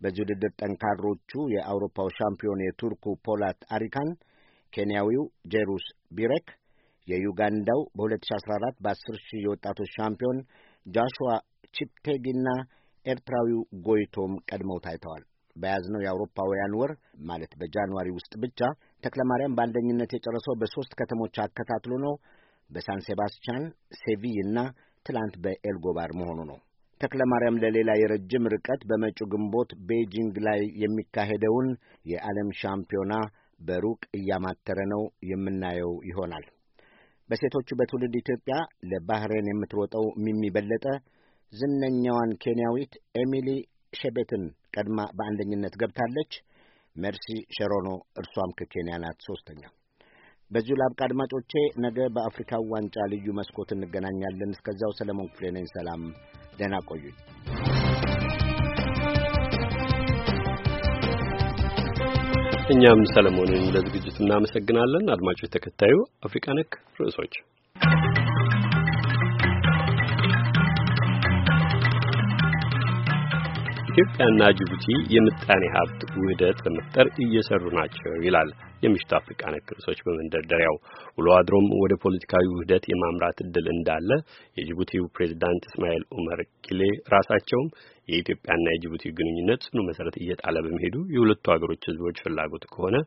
በዚህ ውድድር ጠንካሮቹ የአውሮፓው ሻምፒዮን የቱርኩ ፖላት አሪካን፣ ኬንያዊው ጄሩስ ቢሬክ፣ የዩጋንዳው በ2014 በ10 ሺህ የወጣቶች ሻምፒዮን ጃሽዋ ቺፕቴጊና ኤርትራዊው ጎይቶም ቀድመው ታይተዋል። በያዝነው የአውሮፓውያን ወር ማለት በጃንዋሪ ውስጥ ብቻ ተክለማርያም በአንደኝነት የጨረሰው በሦስት ከተሞች አከታትሎ ነው። በሳን ሴባስቲያን፣ ሴቪይ እና ትላንት በኤልጎባር መሆኑ ነው። ተክለ ማርያም ለሌላ የረጅም ርቀት በመጪው ግንቦት ቤጂንግ ላይ የሚካሄደውን የዓለም ሻምፒዮና በሩቅ እያማተረ ነው የምናየው ይሆናል። በሴቶቹ በትውልድ ኢትዮጵያ ለባህሬን የምትሮጠው ሚሚ በለጠ ዝነኛዋን ኬንያዊት ኤሚሊ ሼቤትን ቀድማ በአንደኝነት ገብታለች። ሜርሲ ሸሮኖ እርሷም ከኬንያ ናት ሦስተኛ። በዚሁ ላብቃ። አድማጮቼ፣ ነገ በአፍሪካ ዋንጫ ልዩ መስኮት እንገናኛለን። እስከዚያው ሰለሞን ክፍሌ ነኝ። ሰላም፣ ደህና ቆዩኝ። እኛም ሰለሞንን ለዝግጅቱ እናመሰግናለን። አድማጮች፣ ተከታዩ አፍሪካ ነክ ርዕሶች ኢትዮጵያና ጅቡቲ የምጣኔ ሀብት ውህደት ለመፍጠር እየሰሩ ናቸው ይላል የምሽቱ አፍሪካ ነክ ርዕሶች በመንደርደሪያው። ውሎ አድሮም ወደ ፖለቲካዊ ውህደት የማምራት እድል እንዳለ የጅቡቲው ፕሬዝዳንት እስማኤል ኡመር ኪሌ ራሳቸውም የኢትዮጵያና የጅቡቲ ግንኙነት ጽኑ መሰረት እየጣለ በመሄዱ የሁለቱ ሀገሮች ህዝቦች ፍላጎት ከሆነ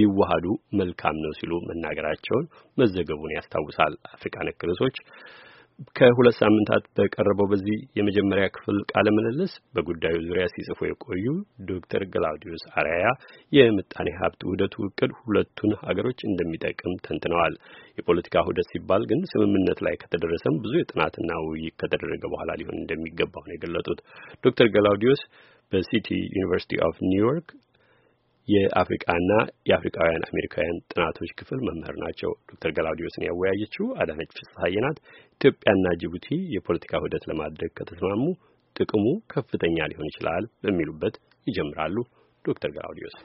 ቢዋሃዱ መልካም ነው ሲሉ መናገራቸውን መዘገቡን ያስታውሳል። አፍሪካ ነክ ርዕሶች ከሁለት ሳምንታት በቀረበው በዚህ የመጀመሪያ ክፍል ቃለ ምልልስ በጉዳዩ ዙሪያ ሲጽፉ የቆዩ ዶክተር ግላውዲዮስ አራያ የምጣኔ ሀብት ውህደቱ እቅድ ሁለቱን ሀገሮች እንደሚጠቅም ተንትነዋል። የፖለቲካ ውህደት ሲባል ግን ስምምነት ላይ ከተደረሰም ብዙ የጥናትና ውይይት ከተደረገ በኋላ ሊሆን እንደሚገባው ነው የገለጡት ዶክተር ግላውዲዮስ በሲቲ ዩኒቨርሲቲ ኦፍ ኒውዮርክ የአፍሪቃና የአፍሪካውያን አሜሪካውያን ጥናቶች ክፍል መምህር ናቸው። ዶክተር ገላውዲዮስን ያወያየችው አዳነች ፍስሐዬ ናት። ኢትዮጵያና ጅቡቲ የፖለቲካ ውህደት ለማድረግ ከተስማሙ ጥቅሙ ከፍተኛ ሊሆን ይችላል በሚሉበት ይጀምራሉ። ዶክተር ገላውዲዮስ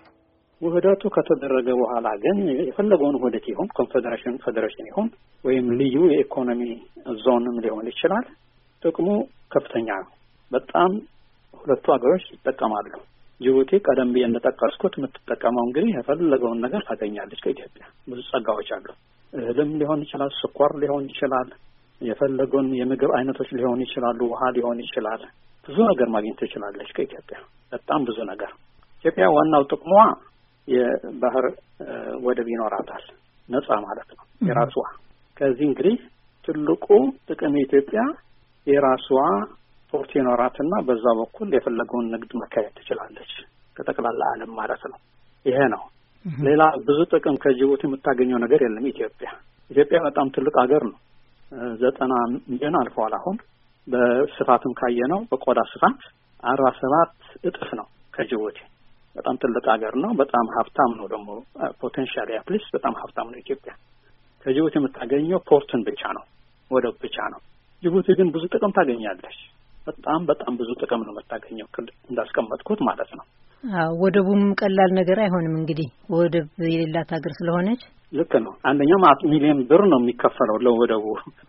ውህደቱ ከተደረገ በኋላ ግን የፈለገውን ውህደት ይሁን ኮንፌዴሬሽን፣ ፌዴሬሽን ይሁን ወይም ልዩ የኢኮኖሚ ዞንም ሊሆን ይችላል ጥቅሙ ከፍተኛ ነው። በጣም ሁለቱ ሀገሮች ይጠቀማሉ። ጅቡቲ ቀደም ብዬ እንደጠቀስኩት የምትጠቀመው እንግዲህ የፈለገውን ነገር ታገኛለች። ከኢትዮጵያ ብዙ ጸጋዎች አሉ። እህልም ሊሆን ይችላል፣ ስኳር ሊሆን ይችላል፣ የፈለገውን የምግብ አይነቶች ሊሆን ይችላሉ፣ ውሃ ሊሆን ይችላል። ብዙ ነገር ማግኘት ትችላለች ከኢትዮጵያ በጣም ብዙ ነገር። ኢትዮጵያ ዋናው ጥቅሟ የባህር ወደብ ይኖራታል፣ ነጻ ማለት ነው የራሷ። ከዚህ እንግዲህ ትልቁ ጥቅም የኢትዮጵያ የራሷ ፖርት ይኖራትና በዛ በኩል የፈለገውን ንግድ መካሄድ ትችላለች። ከጠቅላላ ዓለም ማለት ነው። ይሄ ነው። ሌላ ብዙ ጥቅም ከጅቡቲ የምታገኘው ነገር የለም። ኢትዮጵያ ኢትዮጵያ በጣም ትልቅ ሀገር ነው። ዘጠና ሚሊዮን አልፈዋል። አሁን በስፋትም ካየ ነው በቆዳ ስፋት አርባ ሰባት እጥፍ ነው ከጅቡቲ። በጣም ትልቅ ሀገር ነው። በጣም ሀብታም ነው ደግሞ ፖቴንሻል ያፕሊስ በጣም ሀብታም ነው ኢትዮጵያ። ከጅቡቲ የምታገኘው ፖርትን ብቻ ነው፣ ወደብ ብቻ ነው። ጅቡቲ ግን ብዙ ጥቅም ታገኛለች። በጣም በጣም ብዙ ጥቅም ነው የምታገኘው እንዳስቀመጥኩት ማለት ነው። ወደቡም ቀላል ነገር አይሆንም እንግዲህ ወደብ የሌላት ሀገር ስለሆነች ልክ ነው። አንደኛውም ሚሊዮን ብር ነው የሚከፈለው ለወደቡ።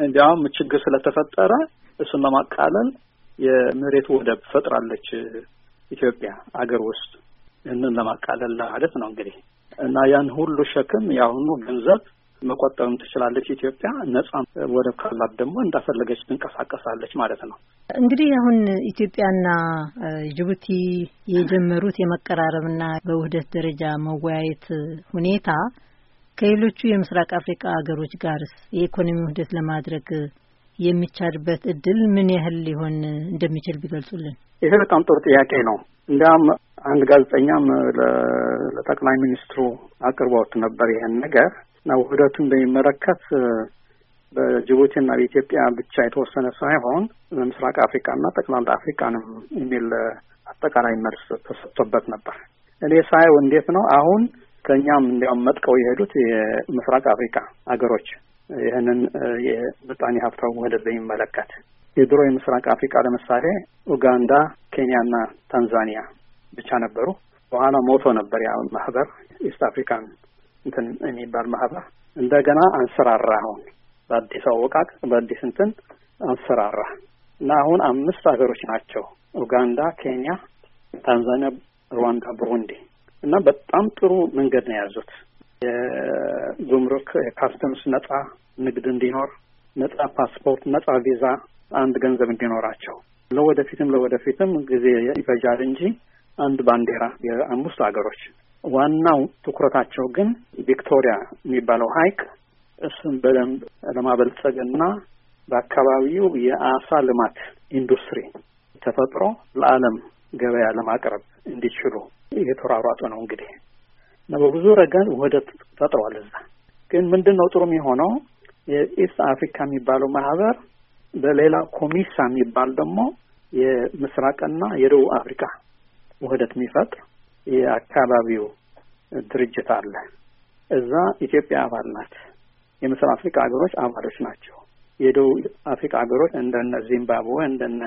እንዲያውም ችግር ስለተፈጠረ እሱን ለማቃለል የመሬት ወደብ ፈጥራለች ኢትዮጵያ አገር ውስጥ። ይህንን ለማቃለል ማለት ነው እንግዲህ እና ያን ሁሉ ሸክም የአሁኑ ገንዘብ መቆጠብም ትችላለች። ኢትዮጵያ ነጻ ወደብ ካላት ደግሞ እንዳፈለገች ትንቀሳቀሳለች ማለት ነው። እንግዲህ አሁን ኢትዮጵያና ጅቡቲ የጀመሩት የመቀራረብና በውህደት ደረጃ መወያየት ሁኔታ ከሌሎቹ የምስራቅ አፍሪካ ሀገሮች ጋርስ የኢኮኖሚ ውህደት ለማድረግ የሚቻልበት እድል ምን ያህል ሊሆን እንደሚችል ቢገልጹልን። ይሄ በጣም ጥሩ ጥያቄ ነው። እንዲያውም አንድ ጋዜጠኛም ለጠቅላይ ሚኒስትሩ አቅርቦት ነበር ይሄን ነገር እና ውህደቱን በሚመለከት በጅቡቲና በኢትዮጵያ ብቻ የተወሰነ ሳይሆን ምስራቅ አፍሪካና ጠቅላላ አፍሪካንም የሚል አጠቃላይ መልስ ተሰጥቶበት ነበር። እኔ ሳየው እንዴት ነው አሁን ከእኛም እንዲያውም መጥቀው የሄዱት የምስራቅ አፍሪካ አገሮች ይህንን የምጣኔ ሀብታዊ ውህደት በሚመለከት የድሮ የምስራቅ አፍሪካ ለምሳሌ ኡጋንዳ፣ ኬንያና ታንዛኒያ ብቻ ነበሩ። በኋላ ሞቶ ነበር ያ ማህበር ኢስት አፍሪካን እንትን የሚባል ማህበር እንደገና አንሰራራ። አሁን በአዲስ አወቃቀር በአዲስ እንትን አንሰራራ እና አሁን አምስት ሀገሮች ናቸው ኡጋንዳ፣ ኬንያ፣ ታንዛኒያ፣ ሩዋንዳ፣ ቡሩንዲ እና በጣም ጥሩ መንገድ ነው የያዙት። የጉምሩክ የካስተምስ ነጻ ንግድ እንዲኖር፣ ነጻ ፓስፖርት፣ ነጻ ቪዛ፣ አንድ ገንዘብ እንዲኖራቸው ለወደፊትም ለወደፊትም ጊዜ ይፈጃል እንጂ አንድ ባንዲራ የአምስቱ ሀገሮች ዋናው ትኩረታቸው ግን ቪክቶሪያ የሚባለው ሀይቅ እሱን በደንብ ለማበልጸግ እና በአካባቢው የአሳ ልማት ኢንዱስትሪ ተፈጥሮ ለዓለም ገበያ ለማቅረብ እንዲችሉ እየተሯሯጡ ነው እንግዲህ እና በብዙ ረገድ ውህደት ፈጥሯል። እዛ ግን ምንድን ነው ጥሩ የሆነው የኢስት አፍሪካ የሚባለው ማህበር በሌላ ኮሚሳ የሚባል ደግሞ የምስራቅና የደቡብ አፍሪካ ውህደት የሚፈጥር የአካባቢው ድርጅት አለ። እዛ ኢትዮጵያ አባል ናት። የምስራቅ አፍሪካ ሀገሮች አባሎች ናቸው። የደቡብ አፍሪካ ሀገሮች እንደነ ዚምባብዌ፣ እንደነ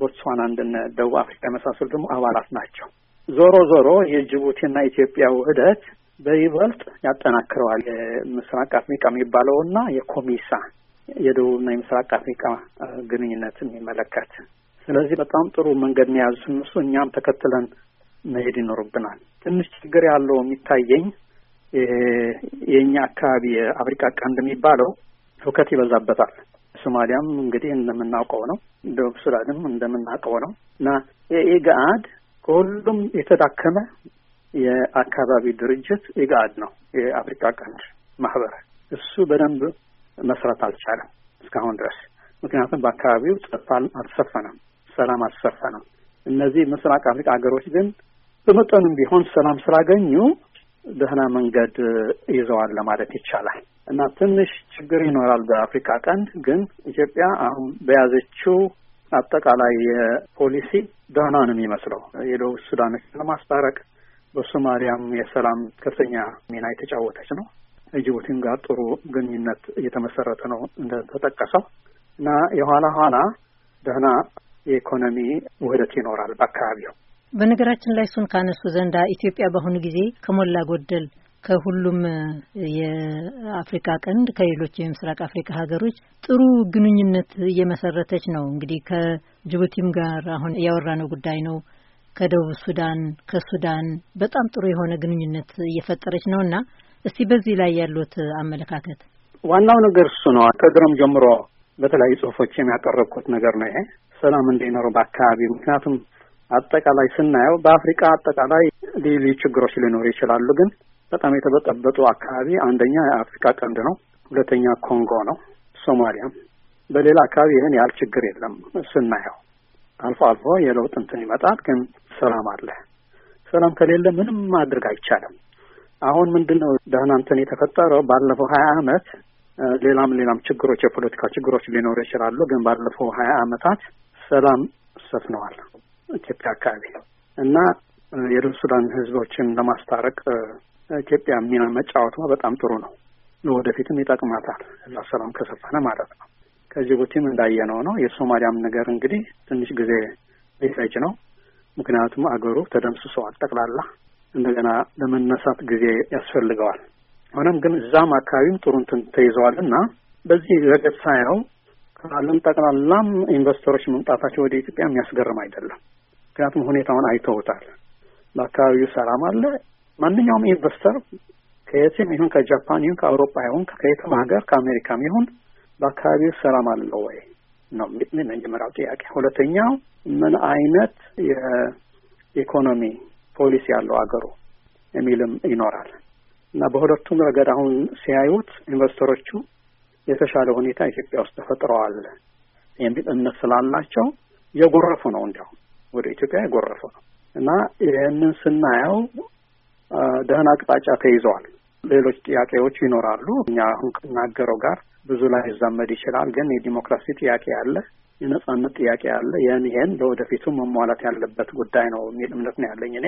ቦትስዋና፣ እንደነ ደቡብ አፍሪካ የመሳሰሉ ደግሞ አባላት ናቸው። ዞሮ ዞሮ የጅቡቲና ኢትዮጵያ ውህደት በይበልጥ ያጠናክረዋል የምስራቅ አፍሪካ የሚባለውና የኮሚሳ የደቡብና የምስራቅ አፍሪካ ግንኙነት የሚመለከት ስለዚህ በጣም ጥሩ መንገድ ነው የያዙት እነሱ። እኛም ተከትለን መሄድ ይኖርብናል። ትንሽ ችግር ያለው የሚታየኝ የእኛ አካባቢ የአፍሪካ ቀንድ የሚባለው ሁከት ይበዛበታል። ሶማሊያም እንግዲህ እንደምናውቀው ነው፣ ደቡብ ሱዳንም እንደምናውቀው ነው እና የኢግአድ ከሁሉም የተዳከመ የአካባቢ ድርጅት ኢግአድ ነው። የአፍሪካ ቀንድ ማህበር እሱ በደንብ መስራት አልቻለም እስካሁን ድረስ ምክንያቱም በአካባቢው ጸጥታ አልተሰፈነም። ሰላም አልሰፈነም። እነዚህ ምስራቅ አፍሪካ ሀገሮች ግን በመጠኑም ቢሆን ሰላም ስላገኙ ደህና መንገድ ይዘዋል ለማለት ይቻላል እና ትንሽ ችግር ይኖራል በአፍሪካ ቀንድ ግን ኢትዮጵያ አሁን በያዘችው አጠቃላይ ፖሊሲ ደህና ነው የሚመስለው። የደቡብ ሱዳኖች ለማስታረቅ በሶማሊያም የሰላም ከፍተኛ ሚና የተጫወተች ነው። ጅቡቲም ጋር ጥሩ ግንኙነት እየተመሰረተ ነው እንደተጠቀሰው እና የኋላ ኋላ ደህና የኢኮኖሚ ውህደት ይኖራል በአካባቢው። በነገራችን ላይ እሱን ካነሱ ዘንዳ ኢትዮጵያ በአሁኑ ጊዜ ከሞላ ጎደል ከሁሉም የአፍሪካ ቀንድ ከሌሎች የምስራቅ አፍሪካ ሀገሮች ጥሩ ግንኙነት እየመሰረተች ነው። እንግዲህ ከጅቡቲም ጋር አሁን ያወራነው ጉዳይ ነው። ከደቡብ ሱዳን፣ ከሱዳን በጣም ጥሩ የሆነ ግንኙነት እየፈጠረች ነው እና እስቲ በዚህ ላይ ያሉት አመለካከት። ዋናው ነገር እሱ ነው። ከድሮም ጀምሮ በተለያዩ ጽሁፎች የሚያቀረብኩት ነገር ነው ይሄ ሰላም እንዳይኖረው በአካባቢው። ምክንያቱም አጠቃላይ ስናየው በአፍሪካ አጠቃላይ ልዩ ችግሮች ሊኖሩ ይችላሉ። ግን በጣም የተበጠበጡ አካባቢ አንደኛ የአፍሪካ ቀንድ ነው፣ ሁለተኛ ኮንጎ ነው፣ ሶማሊያም። በሌላ አካባቢ ይህን ያህል ችግር የለም ስናየው። አልፎ አልፎ የለውጥ እንትን ይመጣል፣ ግን ሰላም አለ። ሰላም ከሌለ ምንም ማድረግ አይቻልም። አሁን ምንድን ነው ደህና እንትን የተፈጠረው ባለፈው ሀያ አመት ሌላም ሌላም ችግሮች የፖለቲካ ችግሮች ሊኖሩ ይችላሉ። ግን ባለፈው ሀያ አመታት ሰላም ሰፍነዋል ኢትዮጵያ አካባቢ እና የደቡብ ሱዳን ህዝቦችን ለማስታረቅ ኢትዮጵያ ሚና መጫወቷ በጣም ጥሩ ነው። ወደፊትም ይጠቅማታል እዛ ሰላም ከሰፈነ ማለት ነው። ከጅቡቲም እንዳየነው ነው። የሶማሊያም ነገር እንግዲህ ትንሽ ጊዜ ሊፈጅ ነው። ምክንያቱም አገሩ ተደምስሰዋል ጠቅላላ እንደገና ለመነሳት ጊዜ ያስፈልገዋል። ሆነም ግን እዛም አካባቢም ጥሩ እንትን ተይዘዋል እና በዚህ ረገድ ሳየው ከዓለም ጠቅላላም ኢንቨስተሮች መምጣታቸው ወደ ኢትዮጵያ የሚያስገርም አይደለም። ምክንያቱም ሁኔታውን አይተውታል። በአካባቢው ሰላም አለ። ማንኛውም ኢንቨስተር ከየትም ይሁን ከጃፓን ይሁን ከአውሮፓ ይሁን ከየትም ሀገር ከአሜሪካም ይሁን በአካባቢው ሰላም አለው ወይ ነው መጀመሪያው ጥያቄ። ሁለተኛው ምን አይነት የኢኮኖሚ ፖሊሲ ያለው አገሩ የሚልም ይኖራል እና በሁለቱም ረገድ አሁን ሲያዩት ኢንቨስተሮቹ የተሻለ ሁኔታ ኢትዮጵያ ውስጥ ተፈጥረዋል የሚል እምነት ስላላቸው የጎረፉ ነው። እንዲያውም ወደ ኢትዮጵያ የጎረፉ ነው እና ይህንን ስናየው ደህና አቅጣጫ ተይዘዋል። ሌሎች ጥያቄዎች ይኖራሉ። እኛ አሁን ከናገረው ጋር ብዙ ላይ ይዛመድ ይችላል። ግን የዲሞክራሲ ጥያቄ አለ፣ የነጻነት ጥያቄ አለ። ይህን ይሄን ለወደፊቱ መሟላት ያለበት ጉዳይ ነው የሚል እምነት ነው ያለኝ እኔ።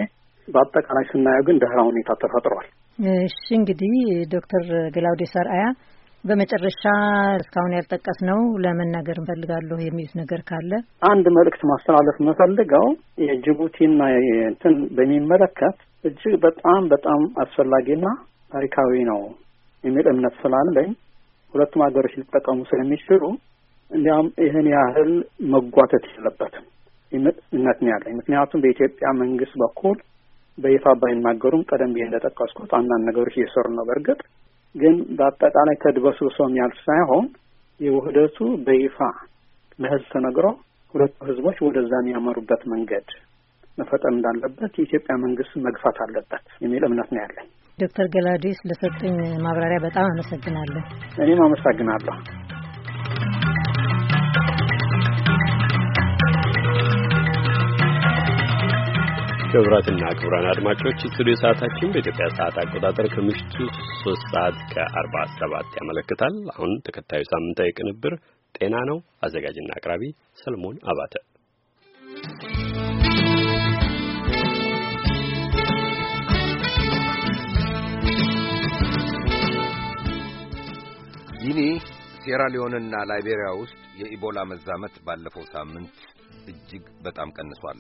በአጠቃላይ ስናየው ግን ደህና ሁኔታ ተፈጥሯል። እሺ እንግዲህ ዶክተር ገላውዴ ሰርአያ በመጨረሻ እስካሁን ያልጠቀስነው ለመናገር እንፈልጋለሁ የሚሉት ነገር ካለ አንድ መልእክት ማስተላለፍ የምፈልገው የጅቡቲና እንትን በሚመለከት እጅግ በጣም በጣም አስፈላጊና ታሪካዊ ነው የሚል እምነት ስላለኝ ሁለቱም ሀገሮች ሊጠቀሙ ስለሚችሉ እንዲያውም ይህን ያህል መጓተት የለበትም የሚል እምነት ያለኝ። ምክንያቱም በኢትዮጵያ መንግስት በኩል በይፋ ባይናገሩም ቀደም ብዬ እንደጠቀስኩት አንዳንድ ነገሮች እየሰሩ ነው በእርግጥ ግን በአጠቃላይ ተድበስብሶ የሚያልፍ ሳይሆን የውህደቱ በይፋ ለህዝብ ተነግሮ ሁለቱ ህዝቦች ወደዛ የሚያመሩበት መንገድ መፈጠን እንዳለበት የኢትዮጵያ መንግስት መግፋት አለበት የሚል እምነት ነው ያለኝ። ዶክተር ገላዲስ ለሰጡኝ ማብራሪያ በጣም አመሰግናለሁ። እኔም አመሰግናለሁ። ክቡራትና ክቡራን አድማጮች ስቱዲዮ ሰዓታችን በኢትዮጵያ ሰዓት አቆጣጠር ከምሽቱ 3 ሰዓት ከ47 ያመለክታል። አሁን ተከታዩ ሳምንታዊ ቅንብር ጤና ነው። አዘጋጅና አቅራቢ ሰለሞን አባተ። ጊኒ፣ ሴራሊዮንና ላይቤሪያ ውስጥ የኢቦላ መዛመት ባለፈው ሳምንት እጅግ በጣም ቀንሷል።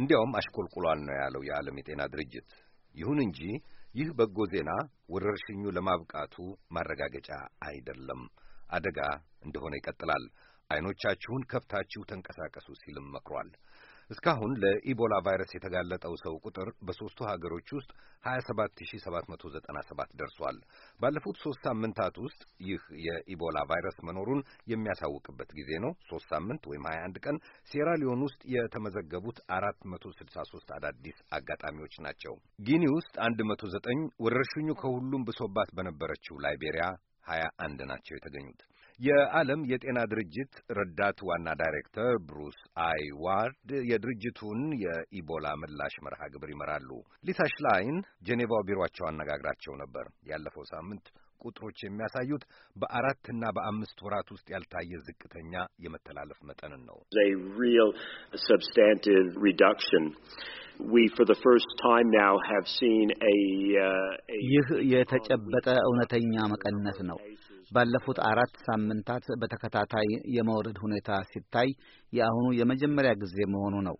እንዲያውም አሽቆልቁሏል ነው ያለው የዓለም የጤና ድርጅት። ይሁን እንጂ ይህ በጎ ዜና ወረርሽኙ ለማብቃቱ ማረጋገጫ አይደለም፣ አደጋ እንደሆነ ይቀጥላል። አይኖቻችሁን ከፍታችሁ ተንቀሳቀሱ ሲልም መክሯል። እስካሁን ለኢቦላ ቫይረስ የተጋለጠው ሰው ቁጥር በሦስቱ ሀገሮች ውስጥ 27797 ደርሷል። ባለፉት ሦስት ሳምንታት ውስጥ ይህ የኢቦላ ቫይረስ መኖሩን የሚያሳውቅበት ጊዜ ነው። ሦስት ሳምንት ወይም 21 ቀን ሴራሊዮን ውስጥ የተመዘገቡት 463 አዳዲስ አጋጣሚዎች ናቸው። ጊኒ ውስጥ 109፣ ወረርሽኙ ከሁሉም ብሶባት በነበረችው ላይቤሪያ 21 ናቸው የተገኙት። የዓለም የጤና ድርጅት ረዳት ዋና ዳይሬክተር ብሩስ አይዋርድ የድርጅቱን የኢቦላ ምላሽ መርሃ ግብር ይመራሉ። ሊሳ ሽላይን ጄኔቫው ቢሮቸው አነጋግራቸው ነበር። ያለፈው ሳምንት ቁጥሮች የሚያሳዩት በአራትና በአምስት ወራት ውስጥ ያልታየ ዝቅተኛ የመተላለፍ መጠንን ነው። uh, ይህ የተጨበጠ እውነተኛ መቀነስ ነው። ባለፉት አራት ሳምንታት በተከታታይ የመውረድ ሁኔታ ሲታይ የአሁኑ የመጀመሪያ ጊዜ መሆኑ ነው።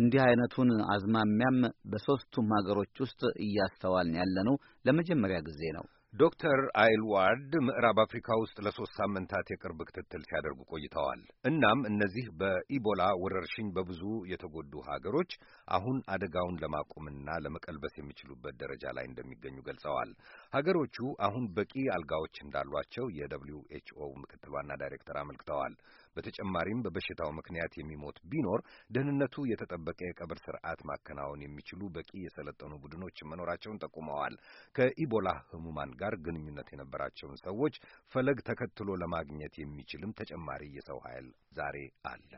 እንዲህ አይነቱን አዝማሚያም በሦስቱም ሀገሮች ውስጥ እያስተዋልን ያለነው ለመጀመሪያ ጊዜ ነው። ዶክተር አይልዋርድ ምዕራብ አፍሪካ ውስጥ ለሶስት ሳምንታት የቅርብ ክትትል ሲያደርጉ ቆይተዋል። እናም እነዚህ በኢቦላ ወረርሽኝ በብዙ የተጎዱ ሀገሮች አሁን አደጋውን ለማቆምና ለመቀልበስ የሚችሉበት ደረጃ ላይ እንደሚገኙ ገልጸዋል። ሀገሮቹ አሁን በቂ አልጋዎች እንዳሏቸው የደብሊው ኤችኦ ምክትል ዋና ዳይሬክተር አመልክተዋል። በተጨማሪም በበሽታው ምክንያት የሚሞት ቢኖር ደህንነቱ የተጠበቀ የቀብር ስርዓት ማከናወን የሚችሉ በቂ የሰለጠኑ ቡድኖች መኖራቸውን ጠቁመዋል። ከኢቦላ ህሙማን ጋር ግንኙነት የነበራቸውን ሰዎች ፈለግ ተከትሎ ለማግኘት የሚችልም ተጨማሪ የሰው ኃይል ዛሬ አለ።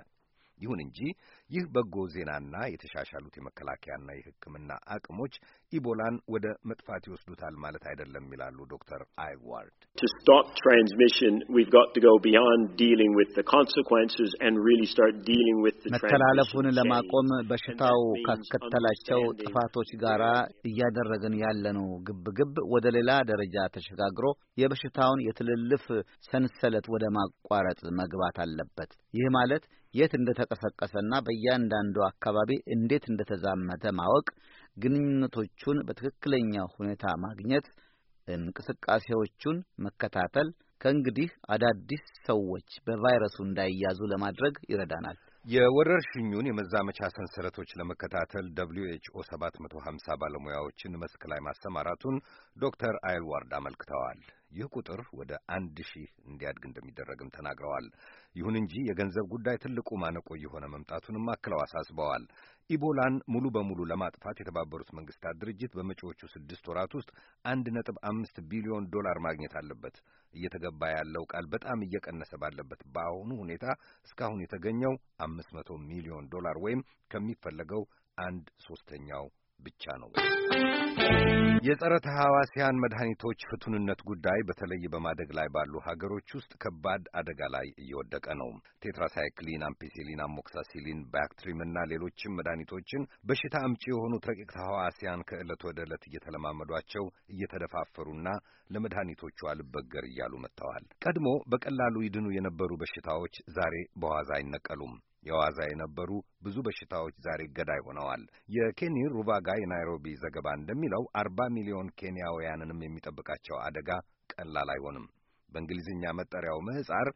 ይሁን እንጂ ይህ በጎ ዜናና የተሻሻሉት የመከላከያና የሕክምና አቅሞች ኢቦላን ወደ መጥፋት ይወስዱታል ማለት አይደለም ይላሉ ዶክተር አይዋርድ። መተላለፉን ለማቆም በሽታው ካስከተላቸው ጥፋቶች ጋር እያደረግን ያለነው ግብግብ ወደ ሌላ ደረጃ ተሸጋግሮ የበሽታውን የትልልፍ ሰንሰለት ወደ ማቋረጥ መግባት አለበት። ይህ ማለት የት እንደተቀሰቀሰና በእያንዳንዱ አካባቢ እንዴት እንደተዛመተ ማወቅ፣ ግንኙነቶቹን በትክክለኛ ሁኔታ ማግኘት፣ እንቅስቃሴዎቹን መከታተል ከእንግዲህ አዳዲስ ሰዎች በቫይረሱ እንዳይያዙ ለማድረግ ይረዳናል። የወረርሽኙን የመዛመቻ ሰንሰለቶች ለመከታተል ደብሊዩ ኤችኦ 750 ባለሙያዎችን መስክ ላይ ማሰማራቱን ዶክተር አይልዋርድ አመልክተዋል። ይህ ቁጥር ወደ አንድ ሺህ እንዲያድግ እንደሚደረግም ተናግረዋል። ይሁን እንጂ የገንዘብ ጉዳይ ትልቁ ማነቆ እየሆነ መምጣቱንም አክለው አሳስበዋል። ኢቦላን ሙሉ በሙሉ ለማጥፋት የተባበሩት መንግስታት ድርጅት በመጪዎቹ ስድስት ወራት ውስጥ አንድ ነጥብ አምስት ቢሊዮን ዶላር ማግኘት አለበት። እየተገባ ያለው ቃል በጣም እየቀነሰ ባለበት በአሁኑ ሁኔታ እስካሁን የተገኘው አምስት መቶ ሚሊዮን ዶላር ወይም ከሚፈለገው አንድ ሶስተኛው ብቻ ነው። የጸረ ተሐዋስያን መድኃኒቶች ፍቱንነት ጉዳይ በተለይ በማደግ ላይ ባሉ ሀገሮች ውስጥ ከባድ አደጋ ላይ እየወደቀ ነው። ቴትራሳይክሊን፣ አምፒሲሊን፣ አሞክሳሲሊን፣ ባክትሪምና ሌሎችም መድኃኒቶችን በሽታ አምጪ የሆኑት ረቂቅ ተሐዋስያን ከዕለት ወደ ዕለት እየተለማመዷቸው እየተደፋፈሩና ለመድኃኒቶቹ አልበገር እያሉ መጥተዋል። ቀድሞ በቀላሉ ይድኑ የነበሩ በሽታዎች ዛሬ በዋዛ አይነቀሉም። የዋዛ የነበሩ ብዙ በሽታዎች ዛሬ ገዳይ ሆነዋል። የኬኒ ሩቫጋ የናይሮቢ ዘገባ እንደሚለው አርባ ሚሊዮን ኬንያውያንንም የሚጠብቃቸው አደጋ ቀላል አይሆንም። በእንግሊዝኛ መጠሪያው ምህፃር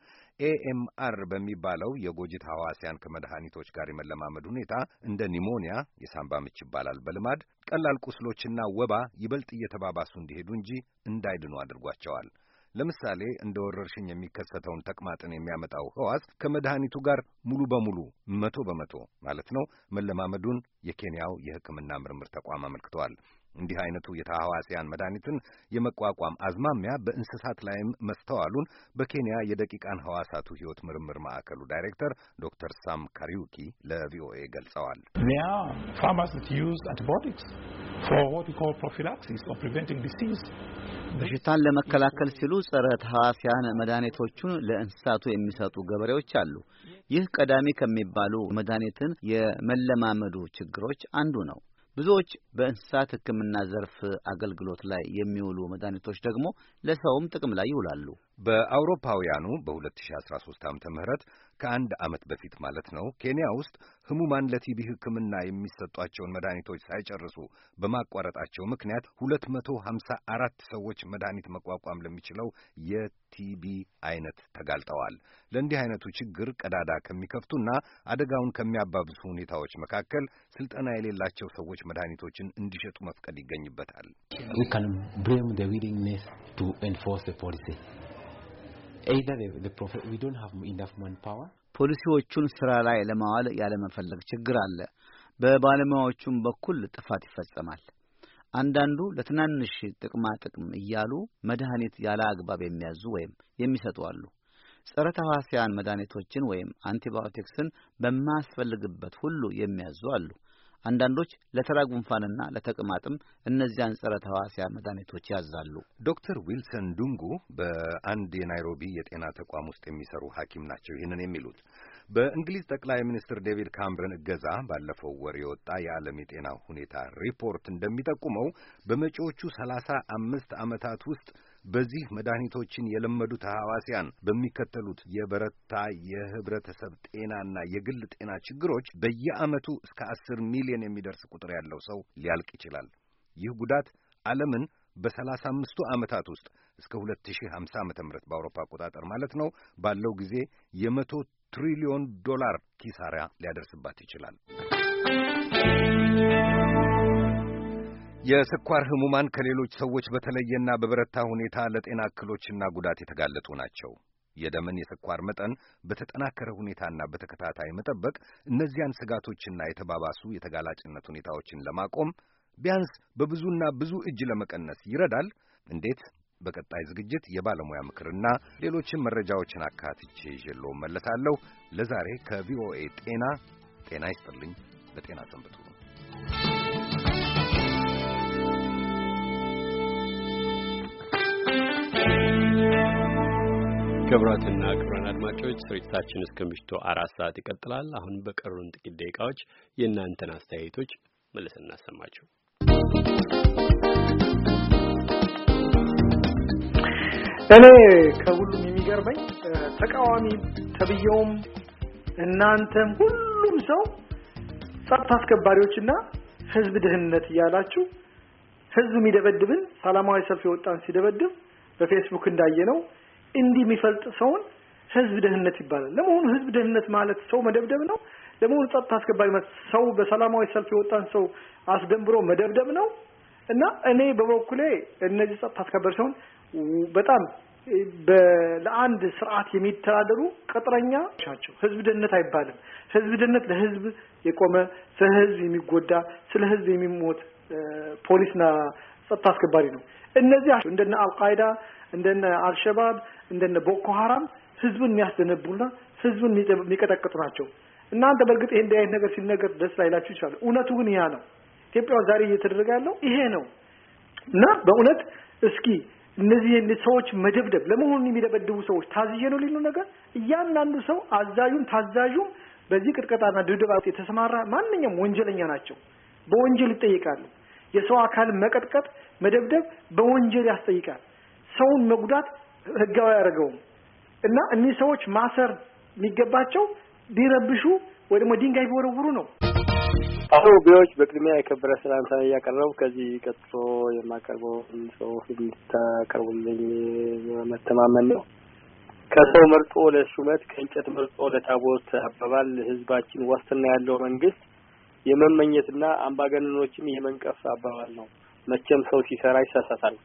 ኤኤምአር በሚባለው የጎጅት ሐዋሲያን ከመድኃኒቶች ጋር የመለማመድ ሁኔታ እንደ ኒሞኒያ የሳምባ ምች ይባላል በልማድ ቀላል ቁስሎችና ወባ ይበልጥ እየተባባሱ እንዲሄዱ እንጂ እንዳይድኑ አድርጓቸዋል። ለምሳሌ እንደ ወረርሽኝ የሚከሰተውን ተቅማጥን የሚያመጣው ህዋስ ከመድኃኒቱ ጋር ሙሉ በሙሉ መቶ በመቶ ማለት ነው መለማመዱን የኬንያው የሕክምና ምርምር ተቋም አመልክተዋል። እንዲህ አይነቱ የተሐዋሲያን መድኃኒትን የመቋቋም አዝማሚያ በእንስሳት ላይም መስተዋሉን በኬንያ የደቂቃን ሕዋሳቱ ሕይወት ምርምር ማዕከሉ ዳይሬክተር ዶክተር ሳም ካሪዩኪ ለቪኦኤ ገልጸዋል። በሽታን ለመከላከል ሲሉ ጸረ ተሐዋስያን መድኃኒቶቹን ለእንስሳቱ የሚሰጡ ገበሬዎች አሉ። ይህ ቀዳሚ ከሚባሉ መድኃኒትን የመለማመዱ ችግሮች አንዱ ነው። ብዙዎች በእንስሳት ሕክምና ዘርፍ አገልግሎት ላይ የሚውሉ መድኃኒቶች ደግሞ ለሰውም ጥቅም ላይ ይውላሉ። በአውሮፓውያኑ በ2013 ዓመተ ምህረት ከአንድ ዓመት በፊት ማለት ነው ኬንያ ውስጥ ህሙማን ለቲቢ ሕክምና የሚሰጧቸውን መድኃኒቶች ሳይጨርሱ በማቋረጣቸው ምክንያት 254 ሰዎች መድኃኒት መቋቋም ለሚችለው የቲቢ አይነት ተጋልጠዋል። ለእንዲህ አይነቱ ችግር ቀዳዳ ከሚከፍቱና አደጋውን ከሚያባብሱ ሁኔታዎች መካከል ስልጠና የሌላቸው ሰዎች መድኃኒቶችን እንዲሸጡ መፍቀድ ይገኝበታል። ፖሊሲዎቹን ስራ ላይ ለማዋል ያለመፈለግ ችግር አለ። በባለሙያዎቹም በኩል ጥፋት ይፈጸማል። አንዳንዱ ለትናንሽ ጥቅማ ጥቅም እያሉ መድኃኒት ያለ አግባብ የሚያዙ ወይም የሚሰጡ አሉ። ጸረ ተህዋስያን መድኃኒቶችን ወይም አንቲባዮቲክስን በማያስፈልግበት ሁሉ የሚያዙ አሉ። አንዳንዶች ለተራ ጉንፋንና ለተቅማጥም እነዚያን ጸረ ተህዋሲያ መድኃኒቶች ያዛሉ። ዶክተር ዊልሰን ዱንጉ በአንድ የናይሮቢ የጤና ተቋም ውስጥ የሚሰሩ ሐኪም ናቸው ይህንን የሚሉት። በእንግሊዝ ጠቅላይ ሚኒስትር ዴቪድ ካምረን እገዛ ባለፈው ወር የወጣ የዓለም የጤና ሁኔታ ሪፖርት እንደሚጠቁመው በመጪዎቹ ሰላሳ አምስት ዓመታት ውስጥ በዚህ መድኃኒቶችን የለመዱት ሐዋሲያን በሚከተሉት የበረታ የህብረተሰብ ጤናና የግል ጤና ችግሮች በየዓመቱ እስከ አስር ሚሊዮን የሚደርስ ቁጥር ያለው ሰው ሊያልቅ ይችላል። ይህ ጉዳት ዓለምን በሰላሳ አምስቱ ዓመታት ውስጥ እስከ ሀምሳ ዓመተ ምህረት በአውሮፓ አቆጣጠር ማለት ነው ባለው ጊዜ የመቶ ትሪሊዮን ዶላር ኪሳራ ሊያደርስባት ይችላል። የስኳር ህሙማን ከሌሎች ሰዎች በተለየና በበረታ ሁኔታ ለጤና እክሎችና ጉዳት የተጋለጡ ናቸው። የደምን የስኳር መጠን በተጠናከረ ሁኔታና በተከታታይ መጠበቅ እነዚያን ስጋቶችና የተባባሱ የተጋላጭነት ሁኔታዎችን ለማቆም ቢያንስ በብዙና ብዙ እጅ ለመቀነስ ይረዳል። እንዴት? በቀጣይ ዝግጅት የባለሙያ ምክርና ሌሎችን መረጃዎችን አካትቼ ይዤሎ መለሳለሁ። ለዛሬ ከቪኦኤ ጤና ጤና ይስጥልኝ። በጤና ሰንብቱ። ክቡራትና ክቡራን አድማጮች ስርጭታችን እስከ ምሽቱ አራት ሰዓት ይቀጥላል። አሁን በቀሩን ጥቂት ደቂቃዎች የእናንተን አስተያየቶች መልስ እናሰማችሁ። እኔ ከሁሉም የሚገርመኝ ተቃዋሚ ተብዬውም እናንተም ሁሉም ሰው ጸጥታ አስከባሪዎችና ህዝብ ድህንነት እያላችሁ ህዝብ የሚደበድብን ሰላማዊ ሰልፍ የወጣን ሲደበድብ በፌስቡክ እንዳየ ነው እንዲህ የሚፈልጥ ሰውን ህዝብ ደህንነት ይባላል። ለመሆኑ ህዝብ ደህንነት ማለት ሰው መደብደብ ነው? ለመሆኑ ጸጥታ አስከባሪ ማለት ሰው በሰላማዊ ሰልፍ የወጣን ሰው አስደንብሮ መደብደብ ነው? እና እኔ በበኩሌ እነዚህ ጸጥታ አስከባሪ ሲሆን በጣም ለአንድ ስርዓት የሚተዳደሩ ቅጥረኛ ናቸው። ህዝብ ደህንነት አይባልም። ህዝብ ደህንነት ለህዝብ የቆመ ስለ ህዝብ የሚጎዳ ስለ ህዝብ የሚሞት ፖሊስና ጸጥታ አስከባሪ ነው። እነዚህ እንደነ አልቃይዳ እንደነ አልሸባብ እንደነ ቦኮ ሀራም ህዝቡን የሚያስደነቡና ህዝቡን የሚቀጠቅጡ ናቸው። እናንተ በእርግጥ ይሄ እንዲህ አይነት ነገር ሲነገር ደስ ላይላችሁ ይችላል። እውነቱ ግን ያ ነው። ኢትዮጵያ ዛሬ እየተደረገ ያለው ይሄ ነው እና በእውነት እስኪ እነዚህ ሰዎች መደብደብ ለመሆኑ የሚደበድቡ ሰዎች ታዝዬ ነው ሊሉ ነገር እያንዳንዱ ሰው አዛዡም ታዛዡም በዚህ ቅጥቀጣና ድብደባ የተሰማራ ማንኛውም ወንጀለኛ ናቸው። በወንጀል ይጠይቃሉ። የሰው አካል መቀጥቀጥ፣ መደብደብ በወንጀል ያስጠይቃል። ሰውን መጉዳት ህጋዊ አያደርገውም እና እኒህ ሰዎች ማሰር የሚገባቸው ቢረብሹ ወይ ደግሞ ድንጋይ ቢወረውሩ ነው። አቶ ቢዎች በቅድሚያ የከበረ ሰላምታ እያቀረቡ ከዚህ ቀጥሎ የማቀርበው ሰው እንድታቀርቡልኝ መተማመን ነው። ከሰው መርጦ ለሹመት ከእንጨት መርጦ ለታቦት አባባል ህዝባችን ዋስትና ያለው መንግስት የመመኘትና አምባገነኖችን የመንቀፍ አባባል ነው። መቼም ሰው ሲሰራ ይሳሳታል።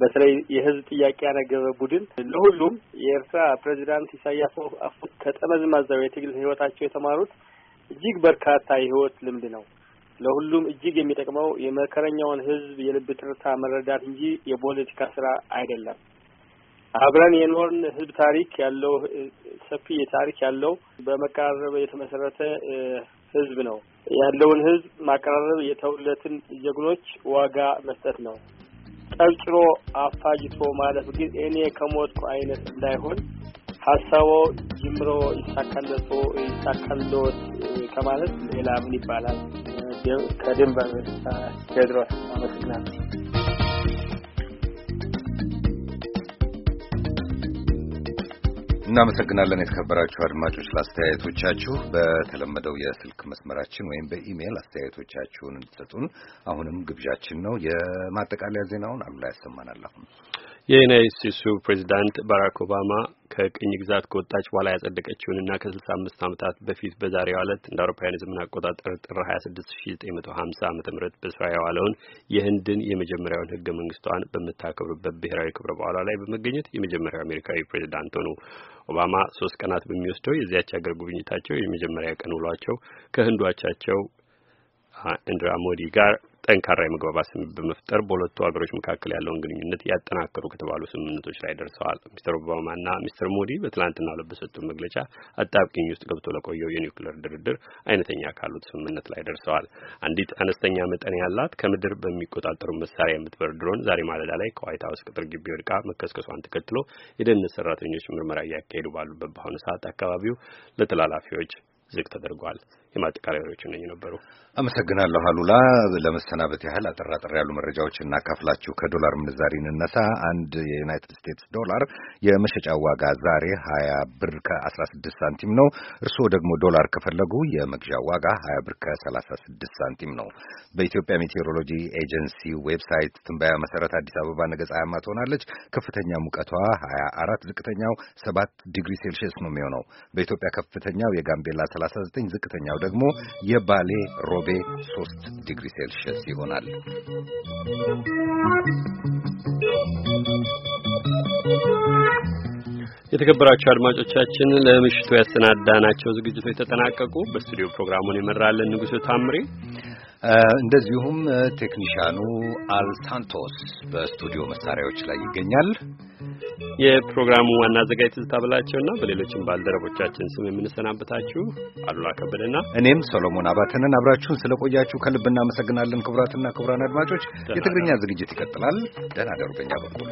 በተለይ የህዝብ ጥያቄ ያነገበ ቡድን ለሁሉም የኤርትራ ፕሬዚዳንት ኢሳያስ አፈወርቂ ከጠመዝማዛው የትግል ህይወታቸው የተማሩት እጅግ በርካታ የህይወት ልምድ ነው። ለሁሉም እጅግ የሚጠቅመው የመከረኛውን ህዝብ የልብ ትርታ መረዳት እንጂ የፖለቲካ ስራ አይደለም። አብረን የኖርን ህዝብ ታሪክ ያለው ሰፊ ታሪክ ያለው በመቀራረብ የተመሰረተ ህዝብ ነው። ያለውን ህዝብ ማቀራረብ የተውለትን ጀግኖች ዋጋ መስጠት ነው። ጠብጭሮ አፋጅቶ ማለፍ ግን እኔ ከሞትኩ አይነት እንዳይሆን ሀሳቦ ጅምሮ ይሳካለቶ ይሳካልዎት ከማለት ሌላ ምን ይባላል? ከድንበር ቴድሮስ አመሰግናለሁ። እናመሰግናለን የተከበራችሁ አድማጮች ለአስተያየቶቻችሁ። በተለመደው የስልክ መስመራችን ወይም በኢሜይል አስተያየቶቻችሁን እንድትሰጡን አሁንም ግብዣችን ነው። የማጠቃለያ ዜናውን አሉላ ያሰማናል አሁን የዩናይት ስቴትሱ ፕሬዚዳንት ባራክ ኦባማ ከቅኝ ግዛት ከወጣች በኋላ ያጸደቀችውንና ከስልሳ አምስት ዓመታት በፊት በዛሬው ዕለት እንደ አውሮፓውያን የዘመን አቆጣጠር ጥር 26 1950 ዓ ም በስራ የዋለውን የህንድን የመጀመሪያውን ህገ መንግስቷን በምታከብርበት ብሔራዊ ክብረ በዓሏ ላይ በመገኘት የመጀመሪያው አሜሪካዊ ፕሬዚዳንት ሆኑ። ኦባማ ሶስት ቀናት በሚወስደው የዚያች ሀገር ጉብኝታቸው የመጀመሪያ ቀን ውሏቸው ከህንዷቻቸው ኢንድራ ሞዲ ጋር ጠንካራ የመግባባት ስምምነት በመፍጠር በሁለቱ ሀገሮች መካከል ያለውን ግንኙነት ያጠናከሩ ከተባሉ ስምምነቶች ላይ ደርሰዋል። ሚስተር ኦባማና ሚስተር ሞዲ በትላንትና በሰጡት መግለጫ አጣብቂኝ ውስጥ ገብቶ ለቆየው የኒውክሌር ድርድር አይነተኛ ካሉት ስምምነት ላይ ደርሰዋል። አንዲት አነስተኛ መጠን ያላት ከምድር በሚቆጣጠሩ መሳሪያ የምትበር ድሮን ዛሬ ማለዳ ላይ ከዋይት ሀውስ ቅጥር ግቢ ወድቃ መከስከሷን ተከትሎ የደህንነት ሰራተኞች ምርመራ እያካሄዱ ባሉበት በአሁኑ ሰዓት አካባቢው ለተላላፊዎች ዝግ ተደርጓል። የማጠቃለያዎቹ እነኝ ነበሩ። አመሰግናለሁ አሉላ። ለመሰናበት ያህል አጠር አጠር ያሉ መረጃዎች እናካፍላችሁ። ከዶላር ምንዛሪ እንነሳ። አንድ የዩናይትድ ስቴትስ ዶላር የመሸጫ ዋጋ ዛሬ 20 ብር ከ16 ሳንቲም ነው። እርስዎ ደግሞ ዶላር ከፈለጉ የመግዣ ዋጋ 20 ብር ከ36 ሳንቲም ነው። በኢትዮጵያ ሜቴሮሎጂ ኤጀንሲ ዌብሳይት ትንበያ መሰረት አዲስ አበባ ነገ ፀሐያማ ትሆናለች። ከፍተኛ ሙቀቷ 24፣ ዝቅተኛው 7 ዲግሪ ሴልሺየስ ነው የሚሆነው። በኢትዮጵያ ከፍተኛው የጋምቤላ 39፣ ዝቅተኛው ደግሞ የባሌ ሮቤ 3 ዲግሪ ሴልሽየስ ይሆናል። የተከበራቸው አድማጮቻችን ለምሽቱ ያሰናዳናቸው ዝግጅቶች ተጠናቀቁ። በስቱዲዮ ፕሮግራሙን ይመራልን ንጉሥ ታምሬ፣ እንደዚሁም ቴክኒሻኑ አልሳንቶስ በስቱዲዮ መሳሪያዎች ላይ ይገኛል። የፕሮግራሙ ዋና አዘጋጅ ትዝታ ብላቸውና በሌሎችም ባልደረቦቻችን ስም የምንሰናበታችሁ አሉላ ከበደና እኔም ሰሎሞን አባተንን አብራችሁን ስለቆያችሁ ከልብ እናመሰግናለን። ክቡራትና ክቡራን አድማጮች የትግርኛ ዝግጅት ይቀጥላል። ደህና ደሩ። በእኛ በኩል